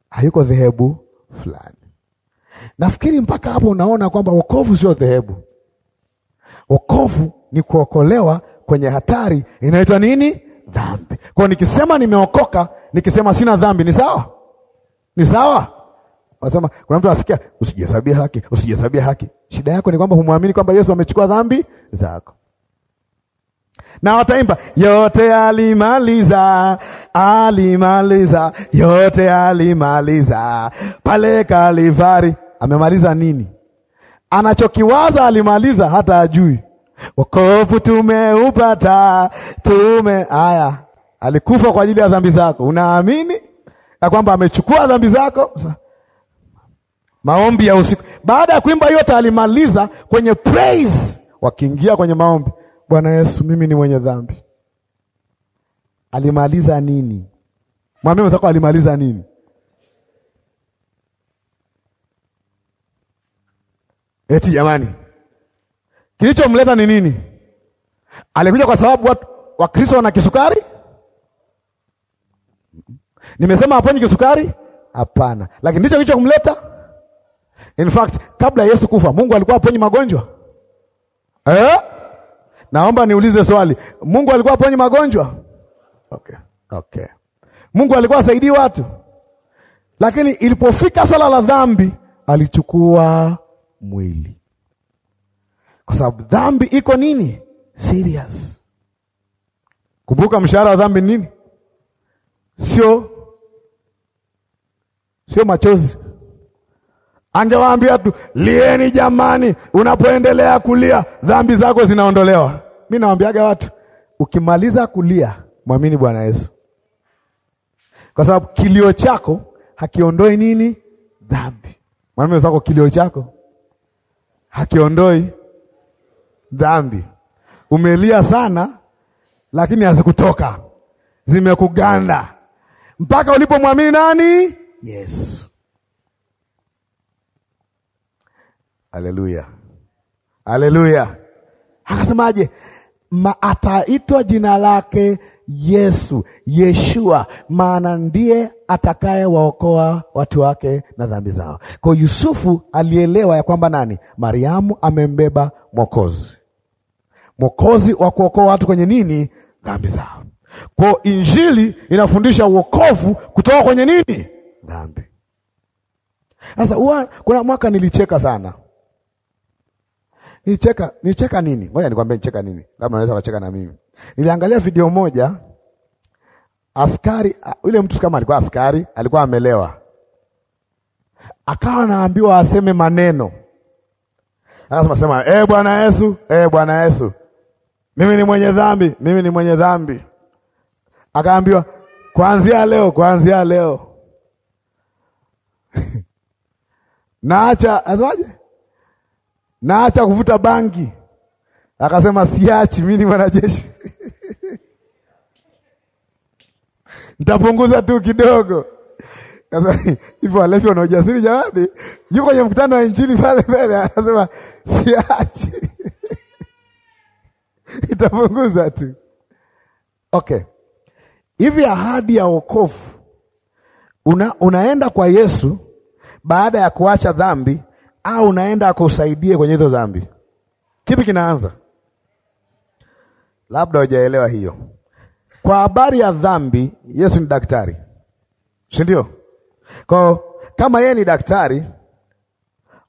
Hayuko dhehebu fulani. Nafikiri mpaka hapo unaona kwamba wokovu sio dhehebu. Wokovu ni kuokolewa kwenye hatari inaitwa nini? Dhambi. Kwa nikisema nimeokoka, nikisema sina dhambi ni sawa? Ni sawa? Wasema kuna mtu asikia, usijihesabie haki, usijihesabie haki. Shida yako ni kwamba humwamini kwamba Yesu amechukua dhambi zako. Na wataimba yote alimaliza, alimaliza, yote alimaliza pale Kalivari. Amemaliza nini? Anachokiwaza alimaliza, hata ajui. Wokovu tumeupata, tume haya, alikufa kwa ajili ya dhambi zako, unaamini ya kwamba amechukua dhambi zako. Maombi ya usiku, baada ya kuimba yote alimaliza kwenye praise, wakiingia kwenye maombi. Bwana Yesu, mimi ni mwenye dhambi. Alimaliza nini? Mwambie mwenzako alimaliza nini? Eti jamani, kilichomleta ni nini? Alikuja kwa sababu watu Wakristo wana kisukari, Nimesema aponyi kisukari? Hapana, lakini ndicho kicho kumleta. In fact, kabla Yesu kufa Mungu alikuwa aponyi magonjwa eh? Naomba niulize swali, Mungu alikuwa aponyi magonjwa? Okay. Okay. Mungu alikuwa asaidii watu, lakini ilipofika swala la dhambi alichukua mwili, kwa sababu dhambi iko nini serious. Kumbuka mshahara wa dhambi nini? Sio sio machozi. Angewaambia tu lieni jamani, unapoendelea kulia dhambi zako zinaondolewa. Mi nawaambiaga watu, ukimaliza kulia mwamini Bwana Yesu, kwa sababu kilio chako hakiondoi nini? Dhambi. Mwamini wenzako, kilio chako hakiondoi dhambi. Umelia sana, lakini hazikutoka, zimekuganda mpaka ulipomwamini nani? Yesu. Haleluya, haleluya. Akasemaje? Ataitwa jina lake Yesu, Yeshua, maana ndiye atakaye waokoa watu wake na dhambi zao. Kwa Yusufu alielewa ya kwamba nani? Mariamu amembeba Mwokozi, Mwokozi wa kuokoa watu kwenye nini? Dhambi zao. Kwa Injili inafundisha uokovu kutoka kwenye nini? dhambi. Sasa kuna mwaka nilicheka sana, nilicheka nilicheka nini? Ngoja nikwambie nicheka nini, labda naweza kacheka na mimi. Niliangalia video moja, askari yule mtu kama alikuwa askari, alikuwa amelewa, akawa anaambiwa aseme maneno, anasema sema, e Bwana Yesu, e Bwana Yesu, mimi ni mwenye dhambi, mimi ni mwenye dhambi. Akaambiwa kuanzia leo, kuanzia leo naacha, asemaje? Naacha kuvuta bangi. Akasema siachi, mimi ni mwanajeshi nitapunguza tu kidogo. Hivyo Alefi ana ujasiri jamani, yuko kwenye mkutano wa Injili pale mbele, anasema siachi itapunguza tu. Okay, hivi ahadi ya wokovu una, unaenda kwa Yesu baada ya kuacha dhambi au unaenda akusaidie kwenye hizo dhambi? Kipi kinaanza? Labda hujaelewa hiyo. Kwa habari ya dhambi, Yesu ni daktari, si ndio? Kwa kama yeye ni daktari,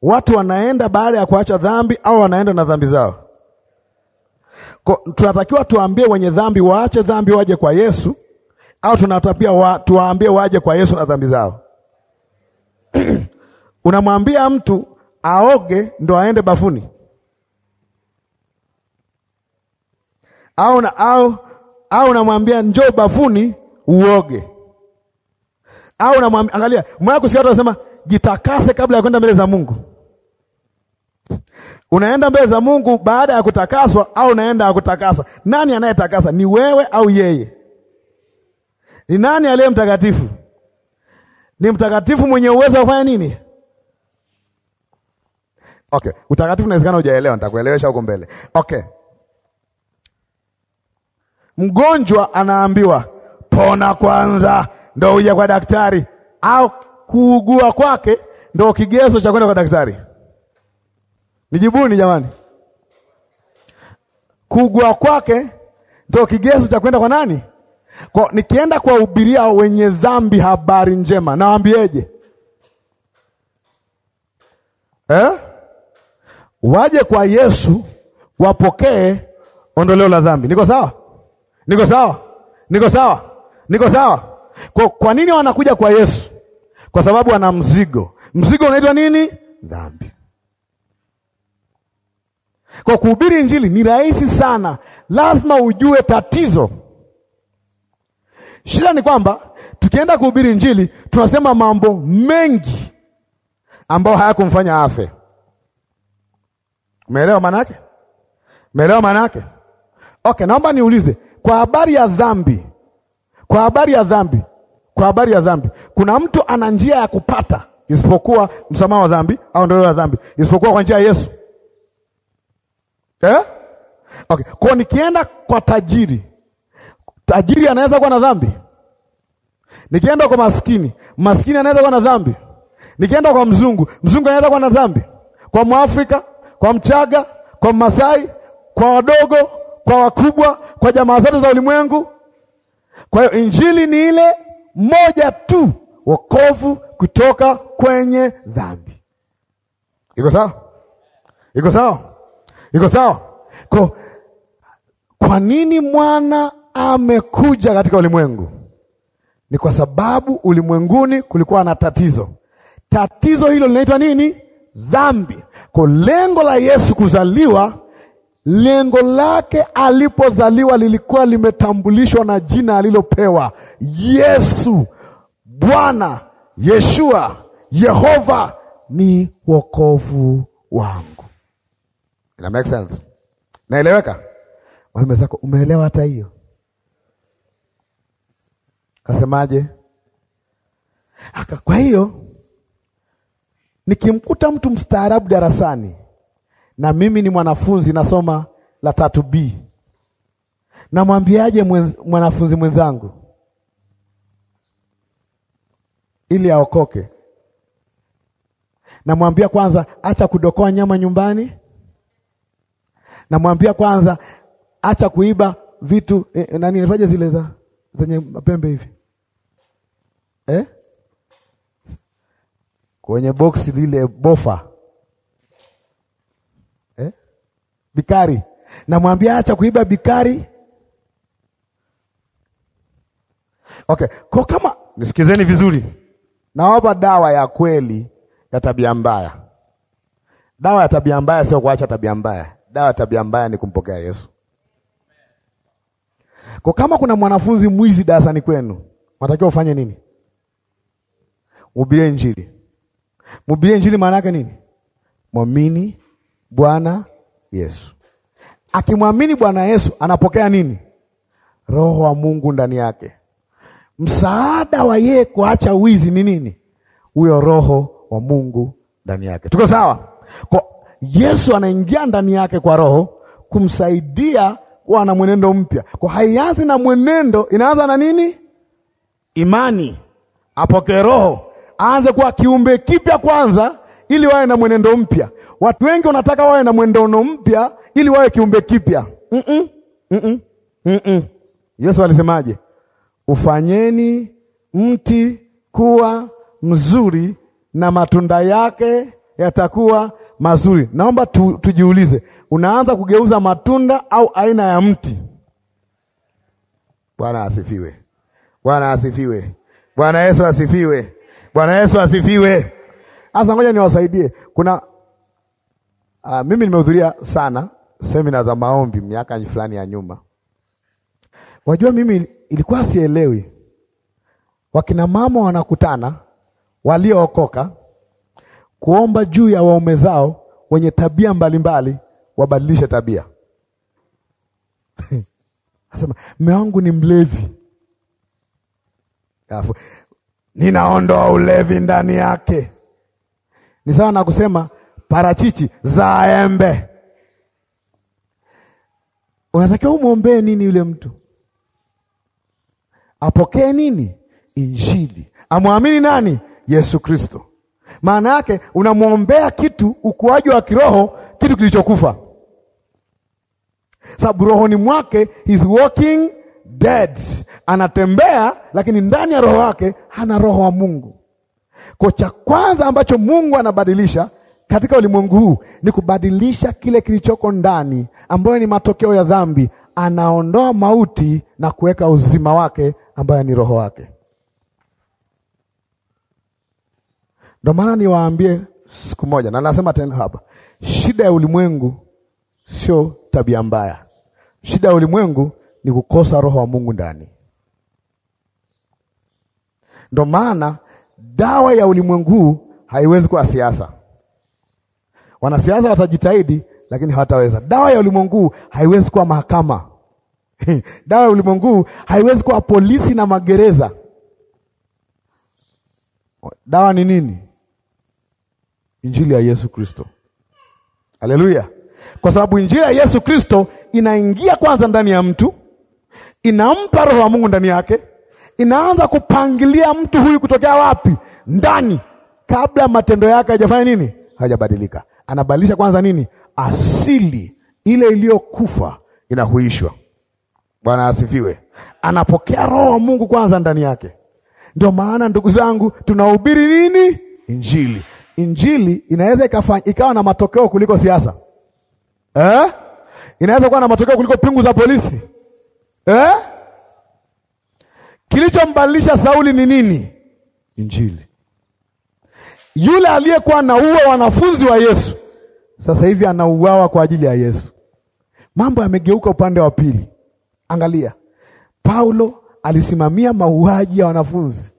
watu wanaenda baada ya kuacha dhambi au wanaenda na dhambi zao? Kwa tunatakiwa tuambie wenye dhambi waache dhambi, waje kwa Yesu au tunatapia wa, tuwaambie waje kwa Yesu na dhambi zao. Unamwambia mtu aoge ndo aende bafuni au na, au au unamwambia njoo bafuni uoge au unamwambia angalia, mwa kusikia watu wanasema jitakase kabla ya kwenda mbele za Mungu. Unaenda mbele za Mungu baada ya kutakaswa au unaenda akutakasa kutakasa? Nani anayetakasa, ni wewe au yeye? Ni nani aliye mtakatifu? Ni mtakatifu mwenye uwezo wa kufanya nini? Okay, utakatifu unawezekana hujaelewa, nitakuelewesha huko mbele. Okay, mgonjwa anaambiwa pona kwanza, ndo uja kwa daktari, au kuugua kwake ndo kigezo cha kwenda kwa daktari? Nijibuni jamani, kuugua kwake ndo kigezo cha kwenda kwa nani? Kwa nikienda kuwahubiria wenye dhambi habari njema, nawaambieje? Eh? Waje kwa Yesu wapokee ondoleo la dhambi. Niko sawa? Niko sawa? Niko sawa? Niko sawa? Kwa, kwa nini wanakuja kwa Yesu? Kwa sababu ana mzigo. Mzigo unaitwa nini? Dhambi. Kwa kuhubiri Injili ni rahisi sana, lazima ujue tatizo Shida ni kwamba tukienda kuhubiri Injili tunasema mambo mengi ambayo hayakumfanya afe. Umeelewa maana yake? Umeelewa maana yake? Okay, naomba niulize kwa habari ya dhambi, kwa habari ya dhambi, kwa habari ya dhambi, kuna mtu ana njia ya kupata isipokuwa msamaha wa dhambi au ondoleo la dhambi isipokuwa kwa njia ya Yesu eh? Okay, kwa nikienda kwa tajiri tajiri anaweza kuwa na dhambi? Nikienda kwa maskini, maskini anaweza kuwa na dhambi? Nikienda kwa mzungu, mzungu anaweza kuwa na dhambi? Kwa Mwafrika, kwa Mchaga, kwa Masai, kwa wadogo, kwa wakubwa, kwa jamaa zote za ulimwengu. Kwa hiyo injili ni ile moja tu, wokovu kutoka kwenye dhambi. Iko sawa? Iko sawa? Iko sawa? Kwa, kwa nini mwana amekuja katika ulimwengu ni kwa sababu ulimwenguni kulikuwa na tatizo. Tatizo hilo linaitwa nini? Dhambi. Kwa lengo la Yesu kuzaliwa, lengo lake alipozaliwa lilikuwa limetambulishwa na jina alilopewa Yesu. Bwana Yeshua, Yehova ni wokovu wangu. Ina make sense? Naeleweka? Mwambie umeelewa hata hiyo? Kasemaje? Aka, kwa hiyo nikimkuta mtu mstaarabu darasani na mimi ni mwanafunzi nasoma la tatu B, namwambiaje mwanafunzi mwenzangu ili aokoke? Namwambia kwanza acha kudokoa nyama nyumbani? Namwambia kwanza acha kuiba vitu eh, eh nani nifanye zile za zenye mapembe hivi eh? kwenye boksi lile bofa eh? Bikari namwambia acha kuiba bikari. Okay, kwa kama nisikizeni vizuri, nawapa dawa ya kweli ya tabia mbaya. Dawa ya tabia mbaya sio kuacha tabia mbaya. Dawa ya tabia mbaya ni kumpokea Yesu. Kwa kama kuna mwanafunzi mwizi darasani kwenu, unatakiwa ufanye nini? Mhubirie Injili. Mhubirie Injili maana yake nini? Mwamini Bwana Yesu. Akimwamini Bwana Yesu anapokea nini? Roho wa Mungu ndani yake. Msaada wa yeye kuacha wizi ni nini? Huyo Roho wa Mungu ndani yake. Tuko sawa? Kwa Yesu anaingia ndani yake kwa Roho kumsaidia kuwa na mwenendo mpya. Kwa haianzi na mwenendo, inaanza na nini? Imani. Apokee Roho, aanze kuwa kiumbe kipya kwanza, ili wawe na mwenendo mpya. Watu wengi wanataka wawe na mwenendo mpya ili wawe kiumbe kipya. mm -mm, mm -mm, mm -mm. Yesu alisemaje? Ufanyeni mti kuwa mzuri na matunda yake yatakuwa mazuri. Naomba tu, tujiulize, unaanza kugeuza matunda au aina ya mti? Bwana asifiwe! Bwana asifiwe! Bwana Yesu asifiwe! Bwana Yesu asifiwe! Sasa ngoja niwasaidie. Kuna uh, mimi nimehudhuria sana semina za maombi miaka fulani ya nyuma. Wajua, mimi ilikuwa sielewi, wakina mama wanakutana waliookoka kuomba juu ya waume zao wenye tabia mbalimbali wabadilishe tabia. Asema mme wangu ni mlevi, alafu ninaondoa ulevi ndani yake. Ni sawa na kusema parachichi za embe. Unatakiwa umwombee nini yule mtu? Apokee nini? Injili. Amwamini nani? Yesu Kristo. Maana yake unamwombea kitu, ukuaji wa kiroho, kitu kilichokufa, sababu rohoni mwake he's walking dead, anatembea lakini ndani ya roho wake hana roho wa Mungu. Kwa cha kwanza ambacho Mungu anabadilisha katika ulimwengu huu ni kubadilisha kile kilichoko ndani, ambayo ni matokeo ya dhambi. Anaondoa mauti na kuweka uzima wake, ambayo ni roho wake. Ndio maana niwaambie siku moja, na nasema tena hapa, shida ya ulimwengu sio tabia mbaya. Shida ya ulimwengu ni kukosa roho wa Mungu ndani. Ndio maana dawa ya ulimwengu huu haiwezi kuwa siasa. Wanasiasa watajitahidi, lakini hawataweza. Dawa ya ulimwengu huu haiwezi kuwa mahakama. dawa ya ulimwengu huu haiwezi kuwa polisi na magereza. Dawa ni nini? injili ya Yesu Kristo. Haleluya! Kwa sababu injili ya Yesu Kristo inaingia kwanza ndani ya mtu, inampa roho wa Mungu ndani yake, inaanza kupangilia mtu huyu kutokea wapi? Ndani, kabla matendo yake hajafanya nini? Hajabadilika. Anabadilisha kwanza nini? Asili ile iliyokufa inahuishwa. Bwana asifiwe. Anapokea roho wa Mungu kwanza ndani yake. Ndio maana ndugu zangu, tunahubiri nini? Injili. Injili inaweza ikawa na matokeo kuliko siasa eh? Inaweza kuwa na matokeo kuliko pingu za polisi eh? Kilichombadilisha Sauli ni nini? Injili. Yule aliyekuwa anaua wanafunzi wa Yesu sasa hivi anauawa kwa ajili ya Yesu. Mambo yamegeuka upande wa pili. Angalia, Paulo alisimamia mauaji ya wanafunzi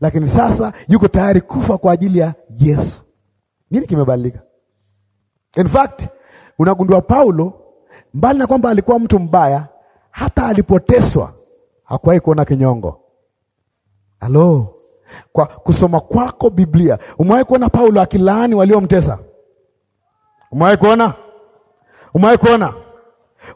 lakini sasa yuko tayari kufa kwa ajili ya Yesu. Nini kimebadilika? In fact, unagundua Paulo, mbali na kwamba alikuwa mtu mbaya, hata alipoteswa hakuwahi kuona kinyongo. Halo, kwa kusoma kwako Biblia umewahi kuona Paulo akilaani waliomtesa? Umewahi kuona? Umewahi kuona?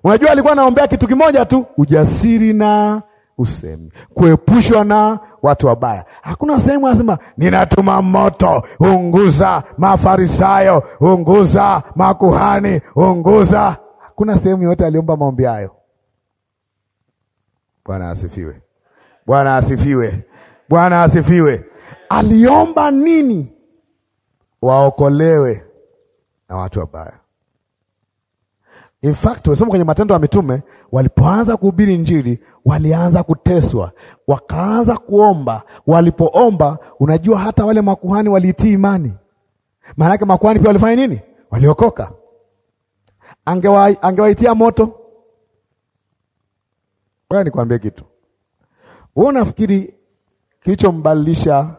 Unajua alikuwa anaombea kitu kimoja tu, ujasiri na usemi, kuepushwa na watu wabaya. Hakuna sehemu anasema ninatuma moto unguza Mafarisayo, unguza makuhani, unguza. Hakuna sehemu yoyote aliomba maombi hayo. Bwana asifiwe! Bwana asifiwe! Bwana asifiwe! Aliomba nini? Waokolewe na watu wabaya. In fact, tumesoma kwenye Matendo ya Mitume, walipoanza kuhubiri Injili walianza kuteswa, wakaanza kuomba. Walipoomba, unajua hata wale makuhani waliitii imani. Maana yake makuhani pia walifanya nini? Waliokoka. Angewa, angewaitia moto. Wewe nikwambie kitu, wewe unafikiri kilichombadilisha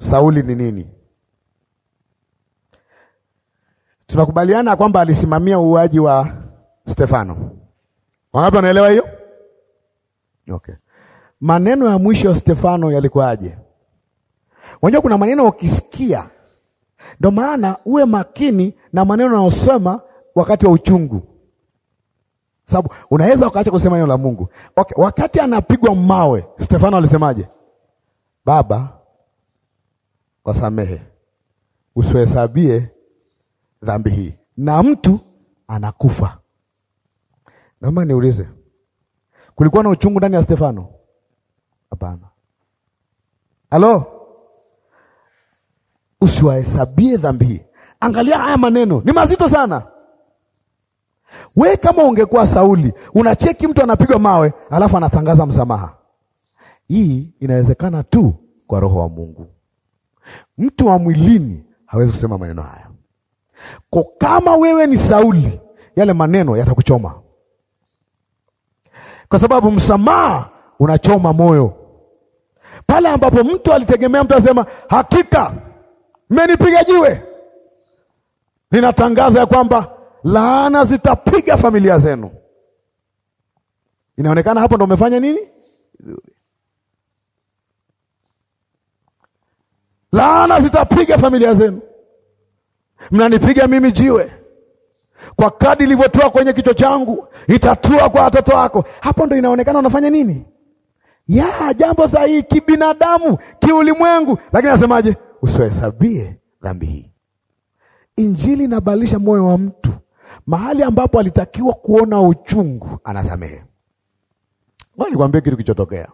Sauli ni nini? Tunakubaliana kwamba alisimamia uuaji wa Stefano. Wangapi wanaelewa hiyo? Okay. Maneno ya mwisho ya Stefano yalikuwaje? Unajua kuna maneno ukisikia, ndo maana uwe makini na maneno unayosema wakati wa uchungu, sababu unaweza ukaacha kusema neno la Mungu. Okay. Wakati anapigwa mawe Stefano alisemaje? Baba, wasamehe usiwahesabie dhambi hii, na mtu anakufa. Naomba niulize, kulikuwa na uchungu ndani ya Stefano? Hapana. Halo, usiwahesabie dhambi hii. Angalia haya maneno ni mazito sana. We kama ungekuwa Sauli, unacheki mtu anapigwa mawe alafu anatangaza msamaha. Hii inawezekana tu kwa roho wa Mungu. Mtu wa mwilini hawezi kusema maneno haya. Kwa kama wewe ni Sauli, yale maneno yatakuchoma, kwa sababu msamaha unachoma moyo. Pale ambapo mtu alitegemea mtu asema, hakika mmenipiga jiwe, ninatangaza ya kwamba laana zitapiga familia zenu. Inaonekana hapo ndo umefanya nini? Laana zitapiga familia zenu mnanipiga mimi jiwe kwa kadi ilivyotoa kwenye kichwa changu itatua kwa watoto wako. Hapo ndo inaonekana unafanya nini ya jambo sahihi kibinadamu, kiulimwengu, lakini anasemaje? Usiwahesabie dhambi hii. Injili inabadilisha moyo wa mtu, mahali ambapo alitakiwa kuona uchungu anasamehe. Ngoja nikwambie kitu kichotokea.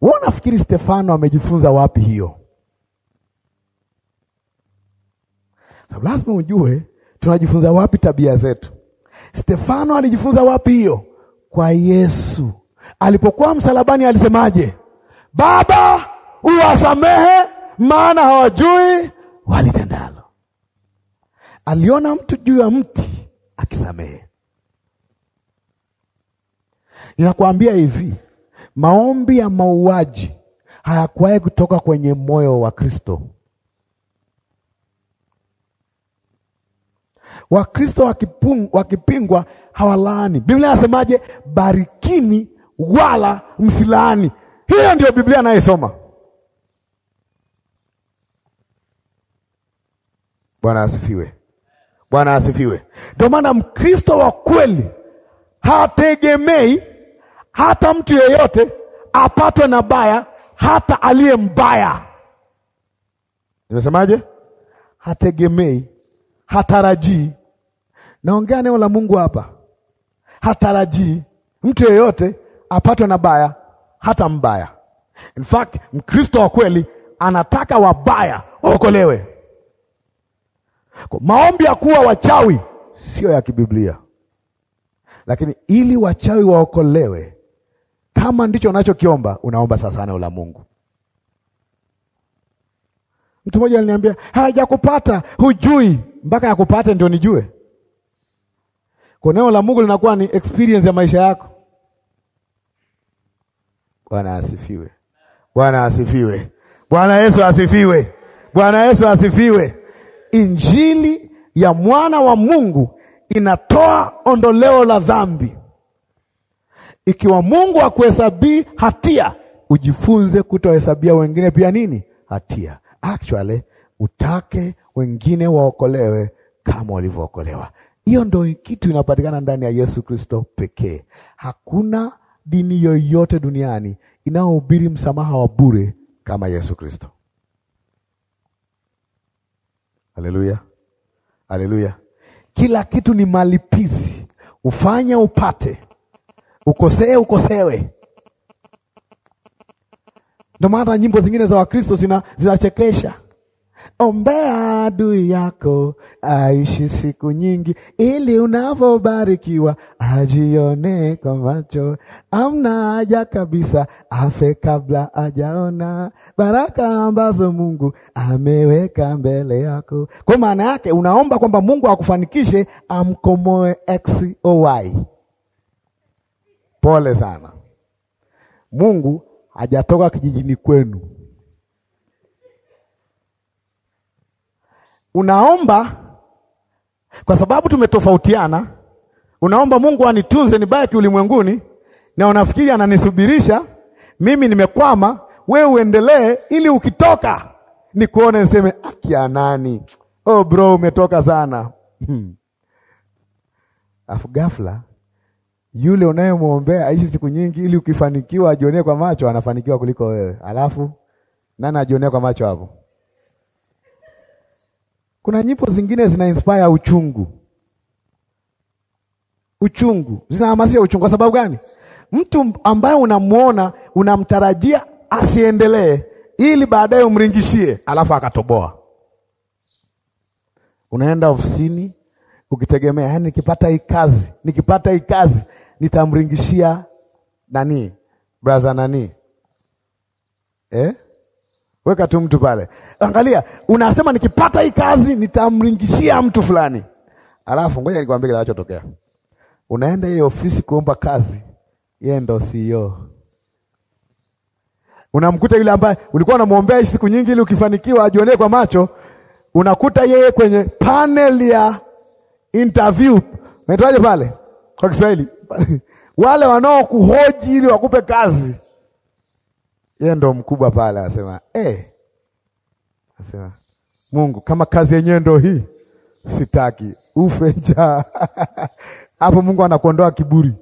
Wewe unafikiri Stefano amejifunza wapi hiyo? lazima ujue tunajifunza wapi tabia zetu. Stefano alijifunza wapi hiyo? Kwa Yesu. Alipokuwa msalabani alisemaje? Baba, uwasamehe maana hawajui walitendalo. Aliona mtu juu ya mti akisamehe. ninakwambia hivi, maombi ya mauaji hayakuwahi kutoka kwenye moyo wa Kristo. Wakristo wakipingwa hawalaani. Biblia inasemaje? Barikini wala msilaani. Hiyo ndio Biblia anayesoma. Bwana asifiwe, Bwana asifiwe. Ndio maana Mkristo wa kweli hategemei hata mtu yeyote apatwe na baya, hata aliye mbaya. Nimesemaje? hategemei hatarajii. Naongea neno la Mungu hapa, hatarajii mtu yeyote apatwe na baya, hata mbaya. In fact, Mkristo wa kweli anataka wabaya waokolewe. Maombi ya kuwa wachawi sio ya kibiblia, lakini ili wachawi waokolewe, kama ndicho unachokiomba, unaomba sasa neno la Mungu. Mtu mmoja aliniambia, hajakupata hujui mpaka yakupate ndio nijue. Kwa neno la Mungu linakuwa ni experience ya maisha yako. Bwana asifiwe. Bwana asifiwe. Bwana Yesu asifiwe. Bwana Yesu asifiwe. Injili ya mwana wa Mungu inatoa ondoleo la dhambi. Ikiwa Mungu akuhesabii hatia, ujifunze kutohesabia wengine pia nini hatia, actually utake wengine waokolewe kama walivyookolewa. Hiyo ndo kitu inapatikana ndani ya Yesu Kristo pekee. Hakuna dini yoyote duniani inayohubiri msamaha wa bure kama Yesu Kristo. Haleluya, haleluya! Kila kitu ni malipizi, ufanye upate, ukosee ukosewe. Ndo maana nyimbo zingine za Wakristo zinachekesha, zina Ombea adui yako aishi siku nyingi, ili unavyobarikiwa ajione kwa macho. Amna haja kabisa afe kabla ajaona baraka ambazo Mungu ameweka mbele yako. Kwa maana yake unaomba kwamba Mungu akufanikishe, amkomoe x o y. Pole sana, Mungu hajatoka kijijini kwenu Unaomba kwa sababu tumetofautiana, unaomba Mungu anitunze nibaki ulimwenguni, na unafikiri ananisubirisha mimi nimekwama, we uendelee, ili ukitoka nikuone niseme akia nani? Oh bro, umetoka sana hmm. Afu ghafla yule unayemwombea aishi siku nyingi, ili ukifanikiwa ajionee kwa macho anafanikiwa kuliko wewe, alafu nani ajionee kwa macho hapo? Kuna nyimbo zingine zina inspire uchungu, uchungu zinahamasisha uchungu. Kwa sababu gani? Mtu ambaye unamwona unamtarajia asiendelee, ili baadaye umringishie, alafu akatoboa. Unaenda ofisini ukitegemea, yaani nikipata hii kazi, nikipata hii kazi nitamringishia nani, brother nani, eh? Weka tu mtu pale, angalia, unasema nikipata hii kazi nitamringishia mtu fulani. Alafu ngoja nikwambie kile kinachotokea. Unaenda ile ofisi kuomba kazi, yeye ndo CEO. Unamkuta yule ambaye ulikuwa unamwombea siku nyingi ili ukifanikiwa ajionee kwa macho, unakuta yeye kwenye panel ya interview. Unaitwaje pale kwa Kiswahili? wale wanaokuhoji ili wakupe kazi yeye ndo mkubwa pale, anasema eh, asema Mungu, kama kazi yenyewe ndo hii, sitaki ufe njaa hapo. Mungu anakuondoa kiburi,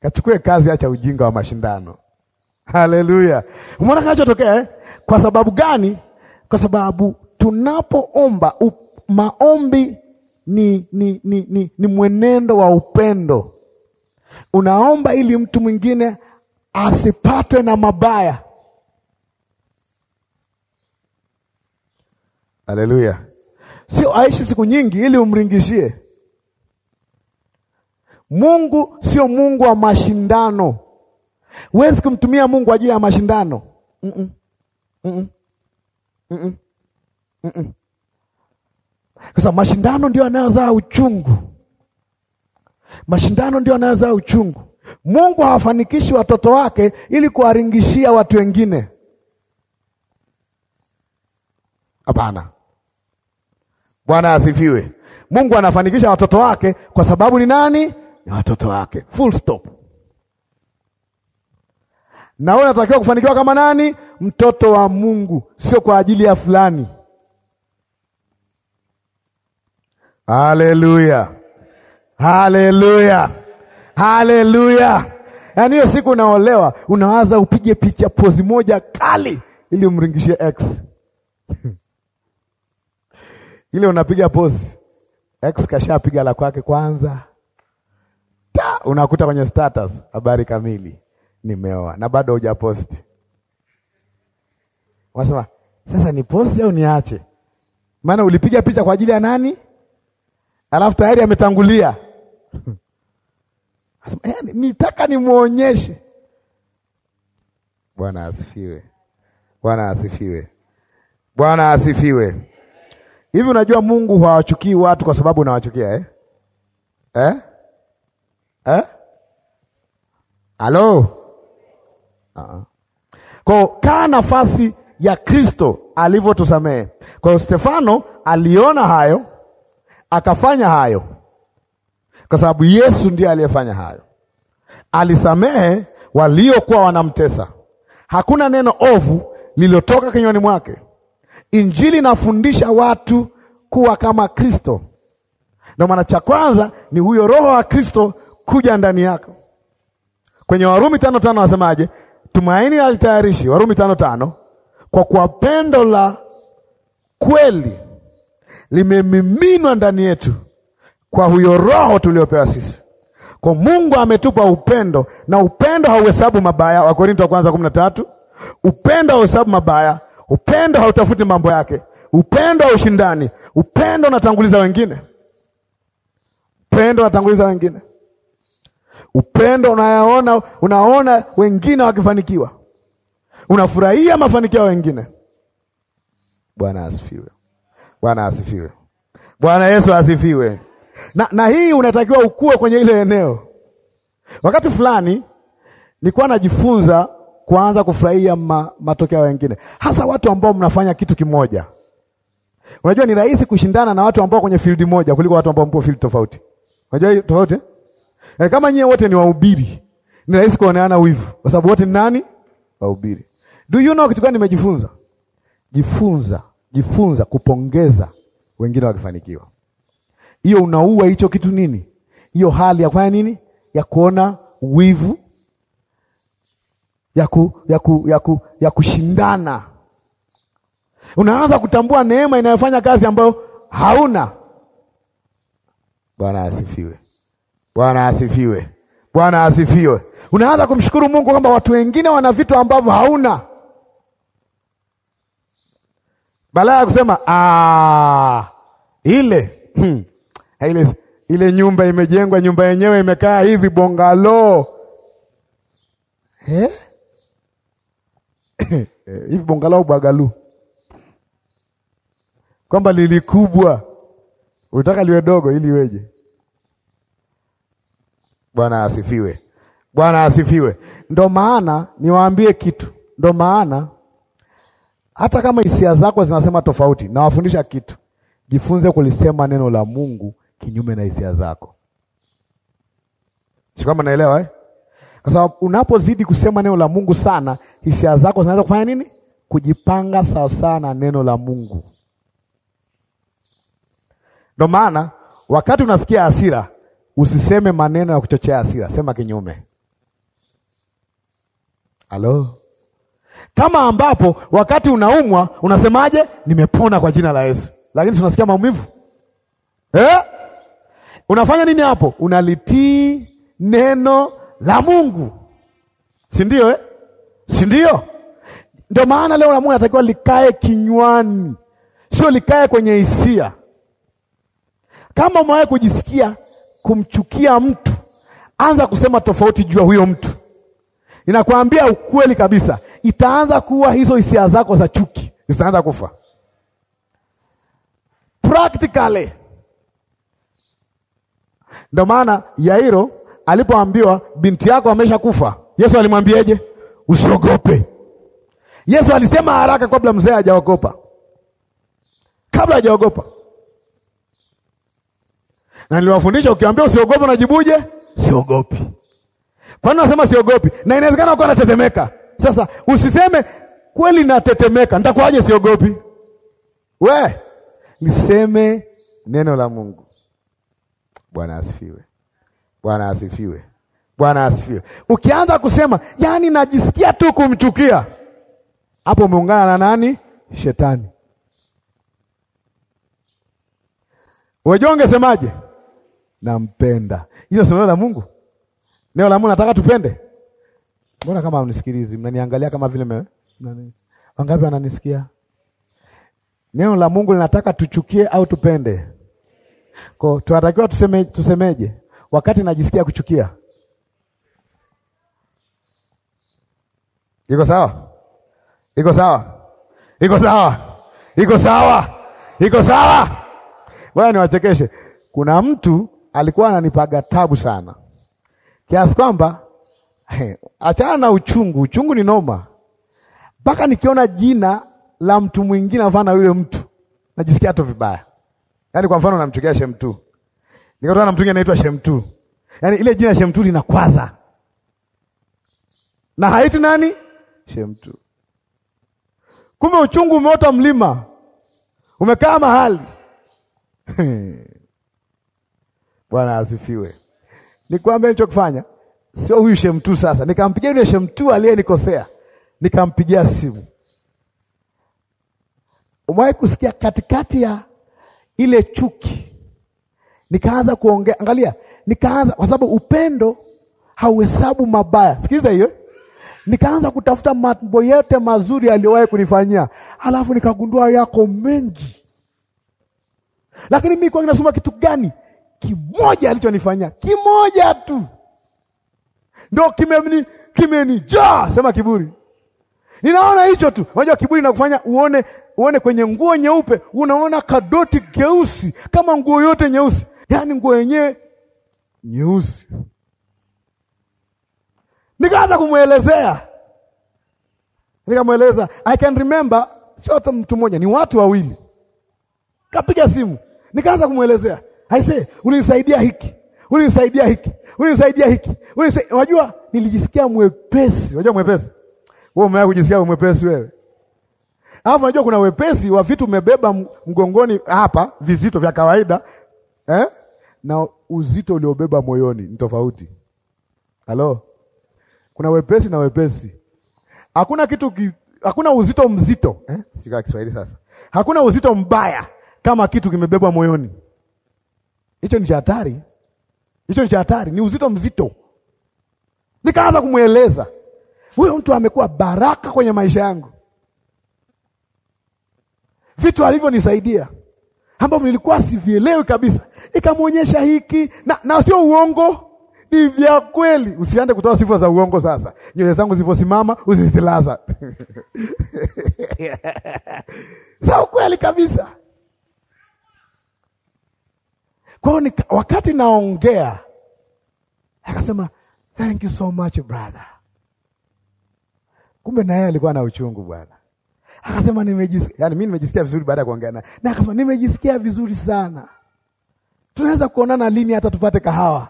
kachukue kazi, acha ujinga wa mashindano. Haleluya! Umeona kinachotokea eh? Kwa sababu gani? Kwa sababu tunapoomba maombi ni, ni, ni, ni, ni mwenendo wa upendo. Unaomba ili mtu mwingine asipatwe na mabaya. Haleluya! Sio aishi siku nyingi ili umringishie Mungu. Sio Mungu wa mashindano. Huwezi kumtumia Mungu ajili ya mashindano. mm -mm. Mm -mm. Mm -mm. Sasa mashindano ndio anayozaa uchungu. Mashindano ndio anayozaa uchungu. Mungu hawafanikishi watoto wake ili kuwaringishia watu wengine. Hapana. Bwana asifiwe. Mungu anafanikisha watoto wake kwa sababu ni nani? Ni watoto wake. Full stop. Na wewe unatakiwa kufanikiwa kama nani? Mtoto wa Mungu, sio kwa ajili ya fulani. Haleluya. Haleluya. Haleluya! Yaani hiyo siku unaolewa, unawaza upige picha pozi moja kali ili umringishie ex ile unapiga pozi, ex kashapiga la kwake kwanza, ta unakuta kwenye status habari kamili, nimeoa na bado hujaposti. Unasema sasa ni posti au niache? Maana ulipiga picha kwa ajili ya nani? Alafu tayari ametangulia Yaani nitaka nimwonyeshe. Bwana asifiwe. Bwana asifiwe. Bwana asifiwe. Hivi unajua Mungu hawachukii watu kwa sababu unawachukia eh? Eh? Eh? Halo? Uh -uh. Kwa kaa nafasi ya Kristo alivyotusamehe. Kwa hiyo Stefano aliona hayo, akafanya hayo kwa sababu Yesu ndiye aliyefanya hayo. Alisamehe waliokuwa wanamtesa. Hakuna neno ovu lililotoka kinywani mwake. Injili inafundisha watu kuwa kama Kristo. Ndio maana cha kwanza ni huyo Roho wa Kristo kuja ndani yako. Kwenye Warumi tano tano wasemaje? Tumaini alitayarishi, Warumi tano tano, kwa kuwa pendo la kweli limemiminwa ndani yetu kwa huyo roho tuliopewa sisi. Kwa Mungu ametupa upendo, na upendo hauhesabu mabaya. Wakorinto wa kwanza kumi na tatu. Upendo hauhesabu mabaya, upendo hautafuti mambo yake, upendo haushindani, upendo unatanguliza wengine, upendo unatanguliza wengine, upendo unayaona, unaona wengine wakifanikiwa, unafurahia mafanikio ya wengine. Bwana asifiwe! Bwana asifiwe! Bwana Yesu asifiwe! na, na hii unatakiwa ukue kwenye ile eneo. Wakati fulani nilikuwa najifunza kuanza kufurahia ma, matokeo ya wengine, hasa watu ambao mnafanya kitu kimoja. Unajua ni rahisi kushindana na watu ambao kwenye field moja kuliko watu ambao mko field tofauti. Unajua tofauti? E, kama nyie wote ni wahubiri, ni rahisi kuoneana wivu kwa sababu wote ni nani? Wahubiri. Do you know kitu gani nimejifunza? Jifunza, jifunza kupongeza wengine wakifanikiwa hiyo unaua hicho kitu nini, hiyo hali ya kufanya nini, ya kuona wivu, ya, ku, ya, ku, ya, ku, ya kushindana. Unaanza kutambua neema inayofanya kazi ambayo hauna. Bwana asifiwe! Bwana asifiwe! Bwana asifiwe! Unaanza kumshukuru Mungu kwamba watu wengine wana vitu ambavyo hauna, balaa ya kusema ah, ile hmm, ile, ile nyumba imejengwa, nyumba yenyewe imekaa hivi bongalo eh? hivi bongalo bwagalu, kwamba lilikubwa, unataka liwe dogo ili iweje? Bwana asifiwe. Bwana asifiwe. Ndo maana niwaambie kitu, ndo maana hata kama hisia zako zinasema tofauti, nawafundisha kitu, jifunze kulisema neno la Mungu kinyume na hisia zako. Si kama naelewa eh? Kwa sababu unapozidi kusema neno la Mungu sana, hisia zako zinaweza kufanya nini? Kujipanga sawa na neno la Mungu. Ndio maana wakati unasikia hasira, usiseme maneno ya kuchochea hasira, sema kinyume. Halo, kama ambapo wakati unaumwa unasemaje? Nimepona kwa jina la Yesu, lakini tunasikia maumivu eh? Unafanya nini hapo? Unalitii neno la Mungu, si ndio eh? si ndio? Ndio maana leo la Mungu natakiwa likae kinywani, sio likae kwenye hisia. Kama umewahi kujisikia kumchukia mtu, anza kusema tofauti juu ya huyo mtu. Ninakwambia ukweli kabisa, itaanza kuwa hizo hisia zako za chuki zitaanza kufa practically ndio maana Yairo alipoambiwa binti yako ameshakufa, Yesu alimwambiaje? Usiogope. Yesu alisema haraka kabla mzee hajaogopa, kabla hajaogopa. Na niliwafundisha ukiambia usiogope unajibuje? Siogopi. Kwani nasema siogopi, na inawezekana uko natetemeka. Sasa usiseme kweli natetemeka, nitakuwaje siogopi? We niseme neno la Mungu. Bwana asifiwe, Bwana asifiwe, Bwana asifiwe. Ukianza kusema yaani najisikia tu kumchukia, hapo umeungana na nani? Shetani. Wejonge semaje? Nampenda. Hiyo sio neno la Mungu? Neno la Mungu nataka tupende. Mbona kama unisikilizi, mnaniangalia kama vile mimi nani? Wangapi wananisikia? Neno la Mungu linataka tuchukie au tupende? Kwa tunatakiwa tuseme, tusemeje wakati najisikia kuchukia? Iko sawa? Iko sawa? Iko sawa? Iko sawa? Iko sawa? Bwana niwachekeshe. Kuna mtu alikuwa ananipaga tabu sana kiasi kwamba achana na uchungu, uchungu ni noma, mpaka nikiona jina la mtu mwingine, na yule mtu, najisikia tu vibaya. Yaani kwa mfano namchukia Shemtu. nikatoa na mtu mwingine anaitwa Shemtu. Yaani ile jina Shemtu linakwaza. Na haitu nani? Shemtu. Kumbe uchungu umeota mlima. Umekaa mahali. Bwana asifiwe. Nikwambia kufanya. sio huyu Shemtu sasa. Nikampigia yule Shemtu aliyenikosea. Nikampigia simu. Umewahi kusikia katikati ya ile chuki, nikaanza kuongea. Angalia, nikaanza kwa sababu upendo hauhesabu mabaya. Sikiliza hiyo, nikaanza kutafuta mambo yote mazuri aliyowahi kunifanyia, alafu nikagundua yako mengi, lakini mi kwa kitu gani? Kimoja alichonifanyia kimoja tu ndo kimenijaa, kime sema kiburi ninaona hicho tu. Unajua kiburi nakufanya uone, uone kwenye nguo nyeupe unaona kadoti keusi kama nguo yote nyeusi, yaani nguo yenyewe nyeusi. Nikaanza kumwelezea, nikamweleza I can remember, sio hata mtu mmoja, ni watu wawili. Kapiga simu, nikaanza kumwelezea aise, ulinisaidia hiki ulinisaidia hiki ulinisaidia hiki ulinisaidia. Unajua nilijisikia mwepesi, unajua mwepesi wewe umewahi kujisikia mwepesi wewe? Alafu unajua kuna wepesi wa vitu umebeba mgongoni hapa vizito vya kawaida eh? na uzito uliobeba moyoni ni tofauti. Halo, kuna wepesi na wepesi. Hakuna kitu ki, hakuna uzito mzito eh? Sika Kiswahili sasa. Hakuna uzito mbaya kama kitu kimebebwa moyoni. Hicho ni cha hatari, hicho ni cha hatari, ni uzito mzito. Nikaanza kumweleza huyo mtu amekuwa baraka kwenye maisha yangu, vitu alivyonisaidia ambavyo nilikuwa sivielewi kabisa, ikamwonyesha hiki na, na sio uongo, ni vya kweli. Usiande kutoa sifa za uongo. Sasa nywele zangu ziposimama usizilaza za ukweli kabisa. Kwa hiyo wakati naongea akasema, thank you so much brother Kumbe na yeye alikuwa na uchungu bwana. Akasema nimejisikia, yani mimi nimejisikia vizuri baada ya kuongea naye. Na akasema nimejisikia vizuri sana. Tunaweza kuonana lini hata tupate kahawa?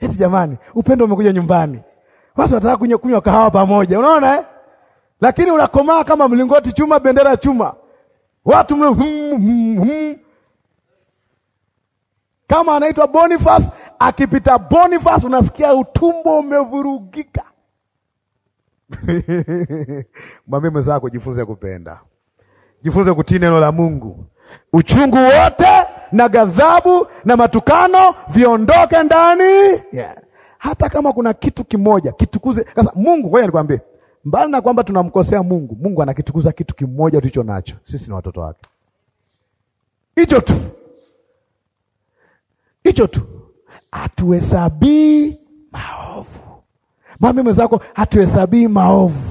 Eti jamani, upendo umekuja nyumbani. Watu wanataka kunywa kunywa kahawa pamoja. Unaona eh? Lakini unakomaa kama mlingoti chuma, bendera chuma. Watu mle hum, hum, hum. Kama anaitwa Boniface, akipita Boniface unasikia utumbo umevurugika. Mwambie mwenzako jifunze kupenda, jifunze kutii neno la Mungu. Uchungu wote na ghadhabu na matukano viondoke ndani yeah. Hata kama kuna kitu kimoja kitukuze sasa Mungu. Ngoja nikwambie, mbali na kwamba tunamkosea Mungu, Mungu anakitukuza kitu kimoja tulicho nacho sisi, ni watoto wake. Hicho tu, hicho tu, atuhesabii maovu Mwambie mwenzako hatuhesabii maovu.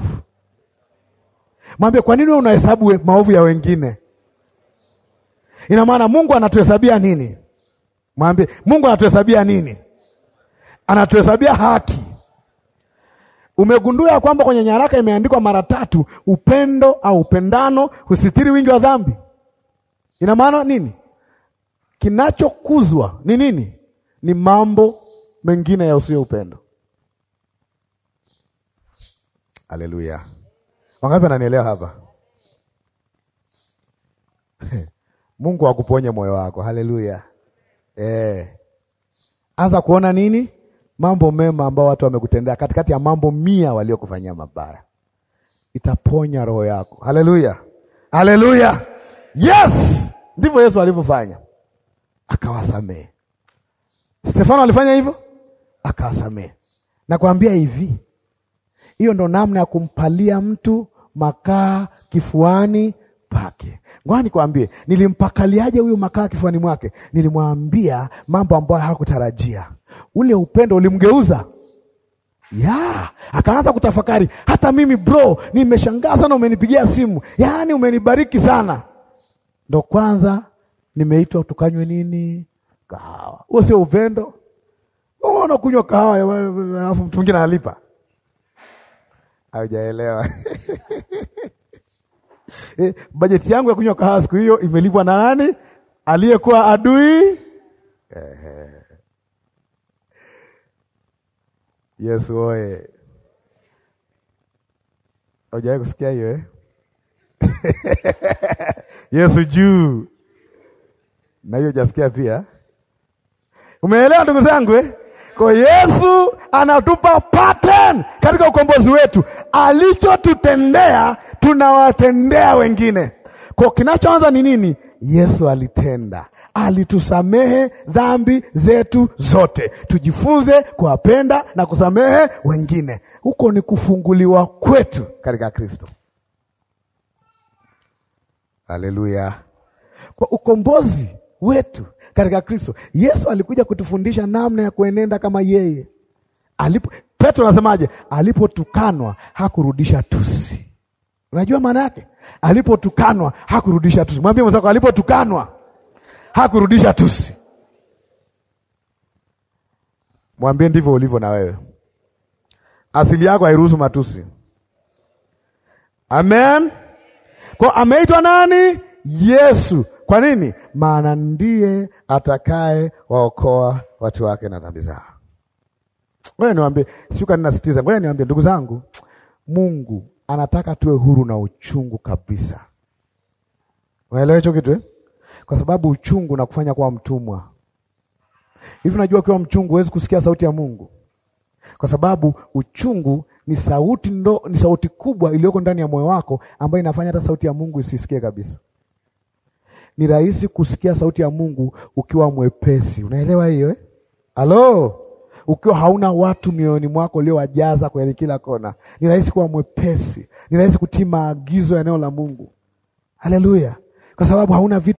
Mwambie kwa nini unahesabu maovu ya wengine? Ina maana Mungu anatuhesabia nini? Mwambie Mungu anatuhesabia nini? Anatuhesabia haki. Umegundua ya kwamba kwenye nyaraka imeandikwa mara tatu upendo au upendano husitiri wingi wa dhambi. Ina maana nini? Kinachokuzwa ni nini? Ni mambo mengine ya usio upendo. Haleluya! Wangapi ananielewa hapa? Mungu akuponye moyo wako. Haleluya! Eh, anza kuona nini mambo mema ambao watu wamekutendea katikati ya mambo mia waliokufanyia mabaya, itaponya roho yako. Haleluya! Haleluya! Yes, ndivyo Yesu alivyofanya, akawasamehe. Stefano alifanya hivyo, akawasamehe. Nakwambia hivi hiyo ndo namna ya kumpalia mtu makaa kifuani pake. Ngoja nikwambie, nilimpakaliaje huyu makaa kifuani mwake? Nilimwambia mambo ambayo hakutarajia. Ule upendo ulimgeuza ya akaanza kutafakari. Hata mimi bro, nimeshangaa sana, umenipigia simu, yaani umenibariki sana. Ndo kwanza nimeitwa tukanywe nini, kahawa. Huo sio upendo? Unaona, kunywa kahawa alafu mtu mwingine analipa haujaelewa. E, eh, bajeti yangu ya kunywa kahawa siku hiyo imelipwa na nani? Aliyekuwa adui. Ehe. Yesu oye! Haujawahi kusikia hiyo eh? Yesu juu na hiyo jasikia pia. Umeelewa ndugu zangu eh? Kwa Yesu anatupa pattern katika ukombozi wetu, alichotutendea tunawatendea wengine. Kwa kinachoanza ni nini? Yesu alitenda, alitusamehe dhambi zetu zote. Tujifunze kuwapenda na kusamehe wengine. Huko ni kufunguliwa kwetu katika Kristo. Haleluya! Kwa ukombozi wetu katika Kristo. Yesu alikuja kutufundisha namna ya kuenenda kama yeye alipo. Petro anasemaje? Alipotukanwa hakurudisha tusi. Unajua maana yake? Alipotukanwa hakurudisha tusi. Mwambie mwenzako, alipotukanwa hakurudisha tusi. Mwambie ndivyo ulivyo na wewe, asili yako hairuhusu matusi. Amen. Kwa ameitwa nani? Yesu kwa nini? Maana ndiye atakaye waokoa watu wake na dhambi zao. Ngoja niwaambie, shuka ninasitiza, ngoja niwaambie ndugu zangu, Mungu anataka tuwe huru na uchungu kabisa. Unaelewa hicho kitu eh? Kwa sababu uchungu nakufanya kuwa mtumwa. Hivi unajua ukiwa mchungu huwezi kusikia sauti ya Mungu, kwa sababu uchungu ni sauti ndo, ni sauti kubwa iliyoko ndani ya moyo wako ambayo inafanya hata sauti ya Mungu isisikie kabisa ni rahisi kusikia sauti ya Mungu ukiwa mwepesi. Unaelewa hiyo eh? Halo, ukiwa hauna watu mioyoni mwako uliowajaza kwenye kila kona, ni rahisi kuwa mwepesi, ni rahisi kutii maagizo ya neno la Mungu. Haleluya, kwa sababu hauna vitu